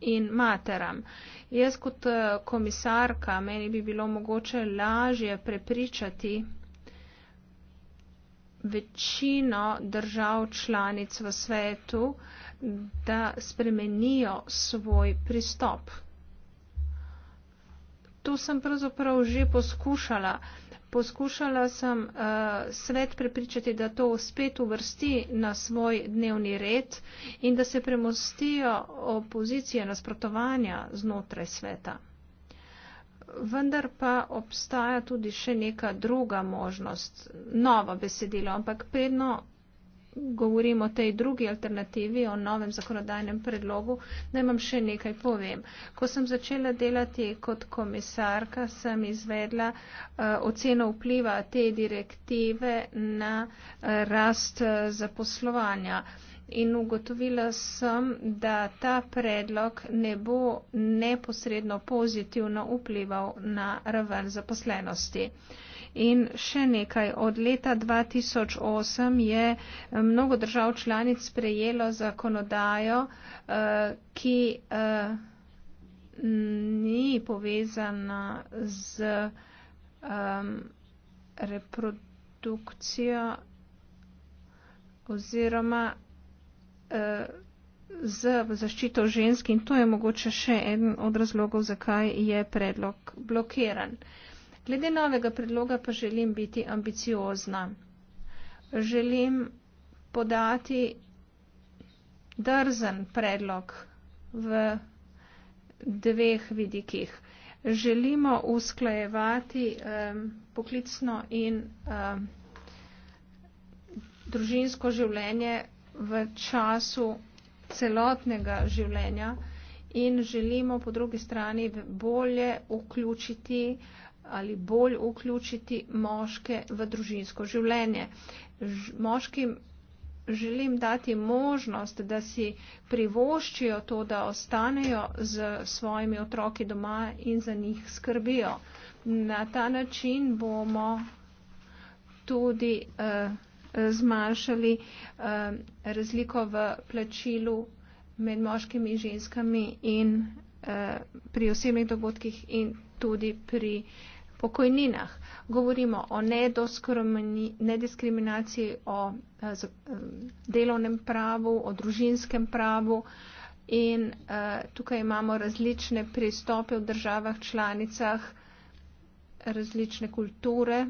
in materam. Jaz kot eh, komisarka meni bi bilo mogoče lažje prepričati večino držav članic v svetu, da spremenijo svoj pristop. To sem pravzaprav že poskušala poskušala sem uh, svet prepričati, da to spet uvrsti na svoj dnevni red in da se premostijo opozicije nasprotovanja znotraj sveta. Vendar pa obstaja tudi še neka druga možnost, novo besedilo, ampak predno govorim o tej drugi alternativi, o novem zakonodajnem predlogu, da vam še nekaj povem. Ko sem začela delati kot komisarka, sem izvedla uh, oceno vpliva te direktive na uh, rast uh, zaposlovanja. In ugotovila sem, da ta predlog ne bo neposredno pozitivno vplival na raven zaposlenosti. Uh, In še nekaj, od leta 2008 je eh, mnogo držav članic sprejelo zakonodajo, eh, ki eh, ni povezana z reprodukcijo oziroma z zaščito žensk in to je mogoče še en od razlogov, zakaj je predlog blokiran. Glede novega predloga pa želim biti ambiciozna. Želim podati drzen predlog v dveh vidikih. Želimo usklajevati um, poklicno in um, družinsko življenje v času celotnega življenja in želimo po drugi strani bolje vključiti uh, ali bolj vključiti moške v družinsko življenje. Ž moškim želim dati možnost, da si privoščijo to, da ostanejo z svojimi otroki doma in za njih skrbijo. Na ta način bomo tudi eh, zmanjšali eh, razliko v plačilu med moškimi in ženskami in eh, pri osebnih dogodkih in tudi pri eh, pokojninah, govorimo o nediskriminaciji, o eh, eh, delovnem pravu, o družinskem pravu in eh, tukaj imamo različne pristope v državah članicah, različne kulture,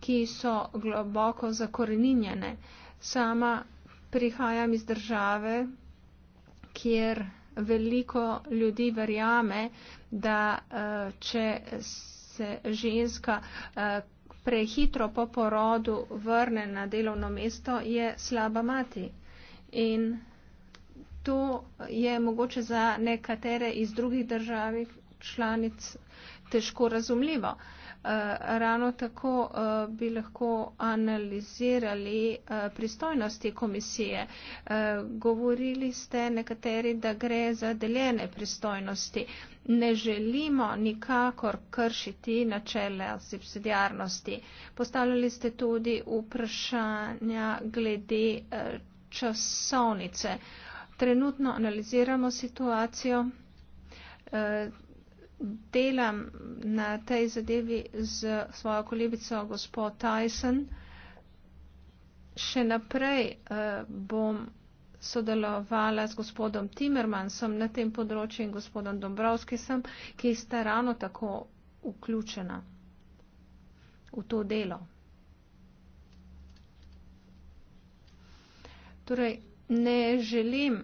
ki so globoko zakoreninjene. Sama prihajam iz države, kjer veliko ljudi verjame, da če se se ženska eh, prehitro po porodu vrne na delovno mesto, je slaba mati. In to je mogoče za nekatere iz drugih držav članic težko razumljivo. Uh, Eh, ravno tako eh, bi lahko analizirali eh, pristojnosti komisije. Govorili ste nekateri, da gre za deljene pristojnosti. Ne želimo nikakor kršiti načele subsidijarnosti. Postavljali ste tudi vprašanja glede časovnice. Trenutno analiziramo situacijo delam na tej zadevi z svojo kolebico gospod Tyson. Še naprej eh, bom sodelovala z gospodom Timmermansom na tem področju in gospodom Dombrovskisem, ki sta ravno tako vključena v to delo. Torej, ne želim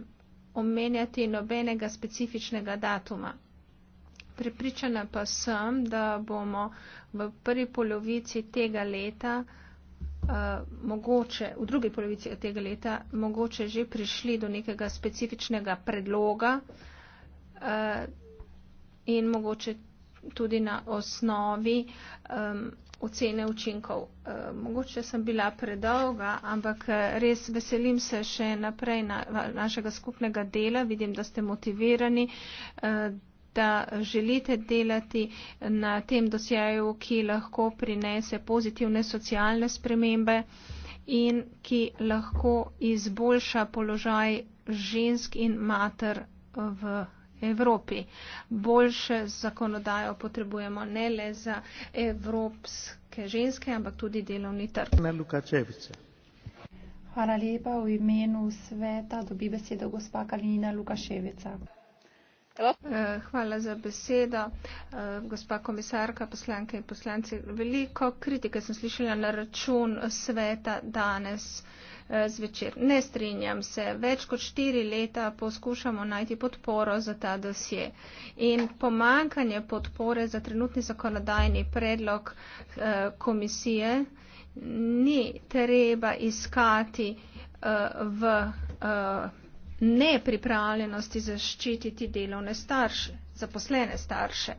omenjati nobenega specifičnega datuma. Pripričana pa sem, da bomo v prvi polovici tega leta, uh, mogoče v drugi polovici tega leta, mogoče že prišli do nekega specifičnega predloga uh, in mogoče tudi na osnovi um, ocene učinkov. Uh, mogoče sem bila predolga, ampak res veselim se še naprej na, na, našega skupnega dela. Vidim, da ste motivirani. Uh, da želite delati na tem dosjeju, ki lahko prinese pozitivne socialne spremembe in ki lahko izboljša položaj žensk in mater v Evropi. Boljše zakonodajo potrebujemo ne le za evropske ženske, ampak tudi delovni trg. Hvala lepa. V imenu sveta dobi besedo gospa Kalinina Lukaševica. Eh, hvala za besedo. Eh, gospa komisarka, poslanke in poslanci, veliko kritike sem slišala na račun sveta danes eh, zvečer. Ne strinjam se, več kot štiri leta poskušamo najti podporo za ta dosje in pomankanje podpore za trenutni zakonodajni predlog komisije ni treba iskati v nepripravljenosti zaščititi delovne starše, zaposlene starše.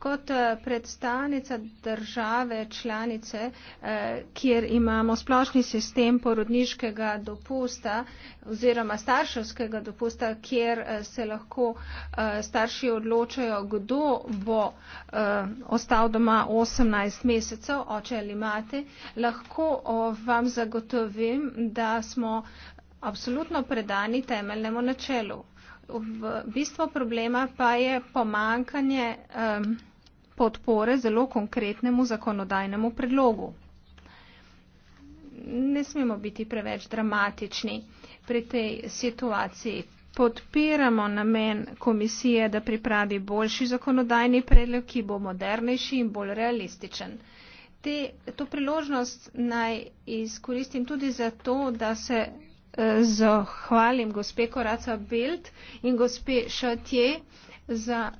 Kot eh, predstavnica države članice, eh, kjer imamo splošni sistem porodniškega dopusta oziroma starševskega dopusta, kjer eh, se lahko starši odločajo, kdo bo ostal doma 18 mesecev, oče ali mate, lahko vam zagotovim, da smo absolutno predani temeljnemu načelu. V bistvo problema pa je pomankanje um, podpore zelo konkretnemu zakonodajnemu predlogu. Ne smemo biti preveč dramatični pri tej situaciji. Podpiramo namen komisije, da pripravi boljši zakonodajni predlog, ki bo modernejši in bolj realističen. Te, to priložnost naj izkoristim tudi zato, da se zahvalim gospe Koraca Belt in gospe Šatje za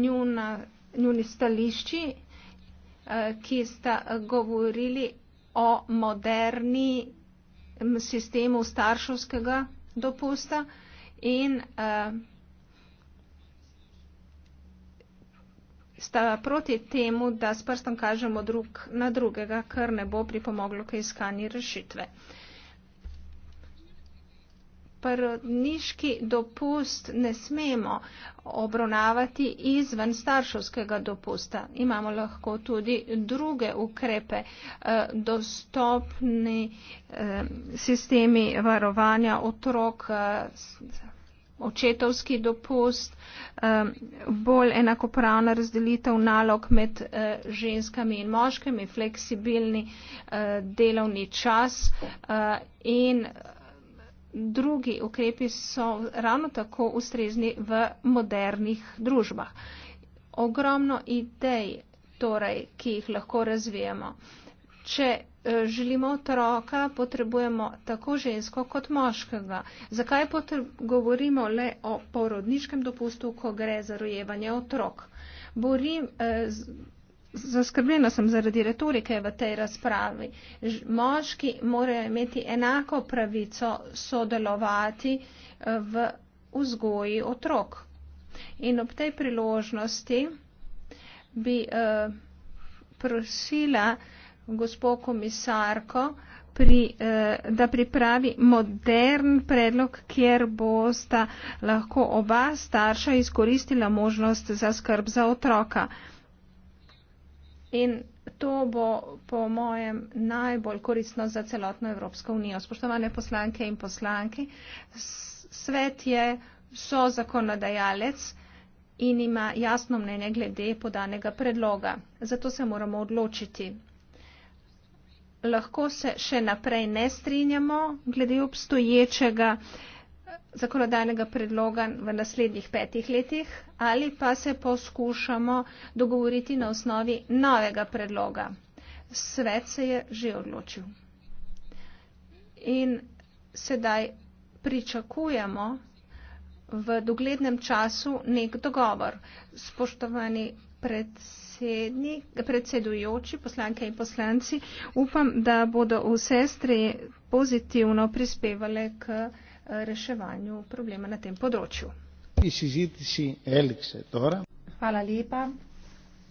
njuna, njuni stališči, eh, ki sta govorili o moderni sistemu starševskega dopusta in eh, sta proti temu, da s prstom kažemo drug na drugega, kar ne bo pripomoglo k iskanju rešitve porodniški dopust ne smemo obravnavati izven staršovskega dopusta. Imamo lahko tudi druge ukrepe, eh, dostopni eh, sistemi varovanja otrok, eh, očetovski dopust, bolj enakopravna razdelitev nalog med ženskami in moškimi, fleksibilni delovni čas in drugi ukrepi so ravno tako ustrezni v modernih družbah. Ogromno idej, torej, ki jih lahko razvijemo. Če e, želimo otroka, potrebujemo tako žensko kot moškega. Zakaj govorimo le o porodniškem dopustu, ko gre za rojevanje otrok? Borim, eh, zaskrbljena sem zaradi retorike v tej razpravi. Moški morajo imeti enako pravico sodelovati eh, v vzgoji otrok. In ob tej priložnosti bi eh, prosila gospo komisarko, Pri, eh, da pripravi modern predlog, kjer bosta lahko oba starša izkoristila možnost za skrb za otroka. In to bo, po mojem, najbolj koristno za celotno Evropsko unijo. Spoštovane poslanke in poslanki, svet je so zakonodajalec in ima jasno mnenje glede podanega predloga. Zato se moramo odločiti. Lahko se še naprej ne strinjamo glede obstoječega uh, zakonodajnega predloga v naslednjih petih letih ali pa se poskušamo dogovoriti na osnovi novega predloga. Svet se je že odločil. In sedaj pričakujemo v doglednem času nek dogovor. Spoštovani predsedujoči, poslanke in poslanci, upam, da bodo vse streje pozitivno prispevale k reševanju problema na tem področju. Hvala lepa.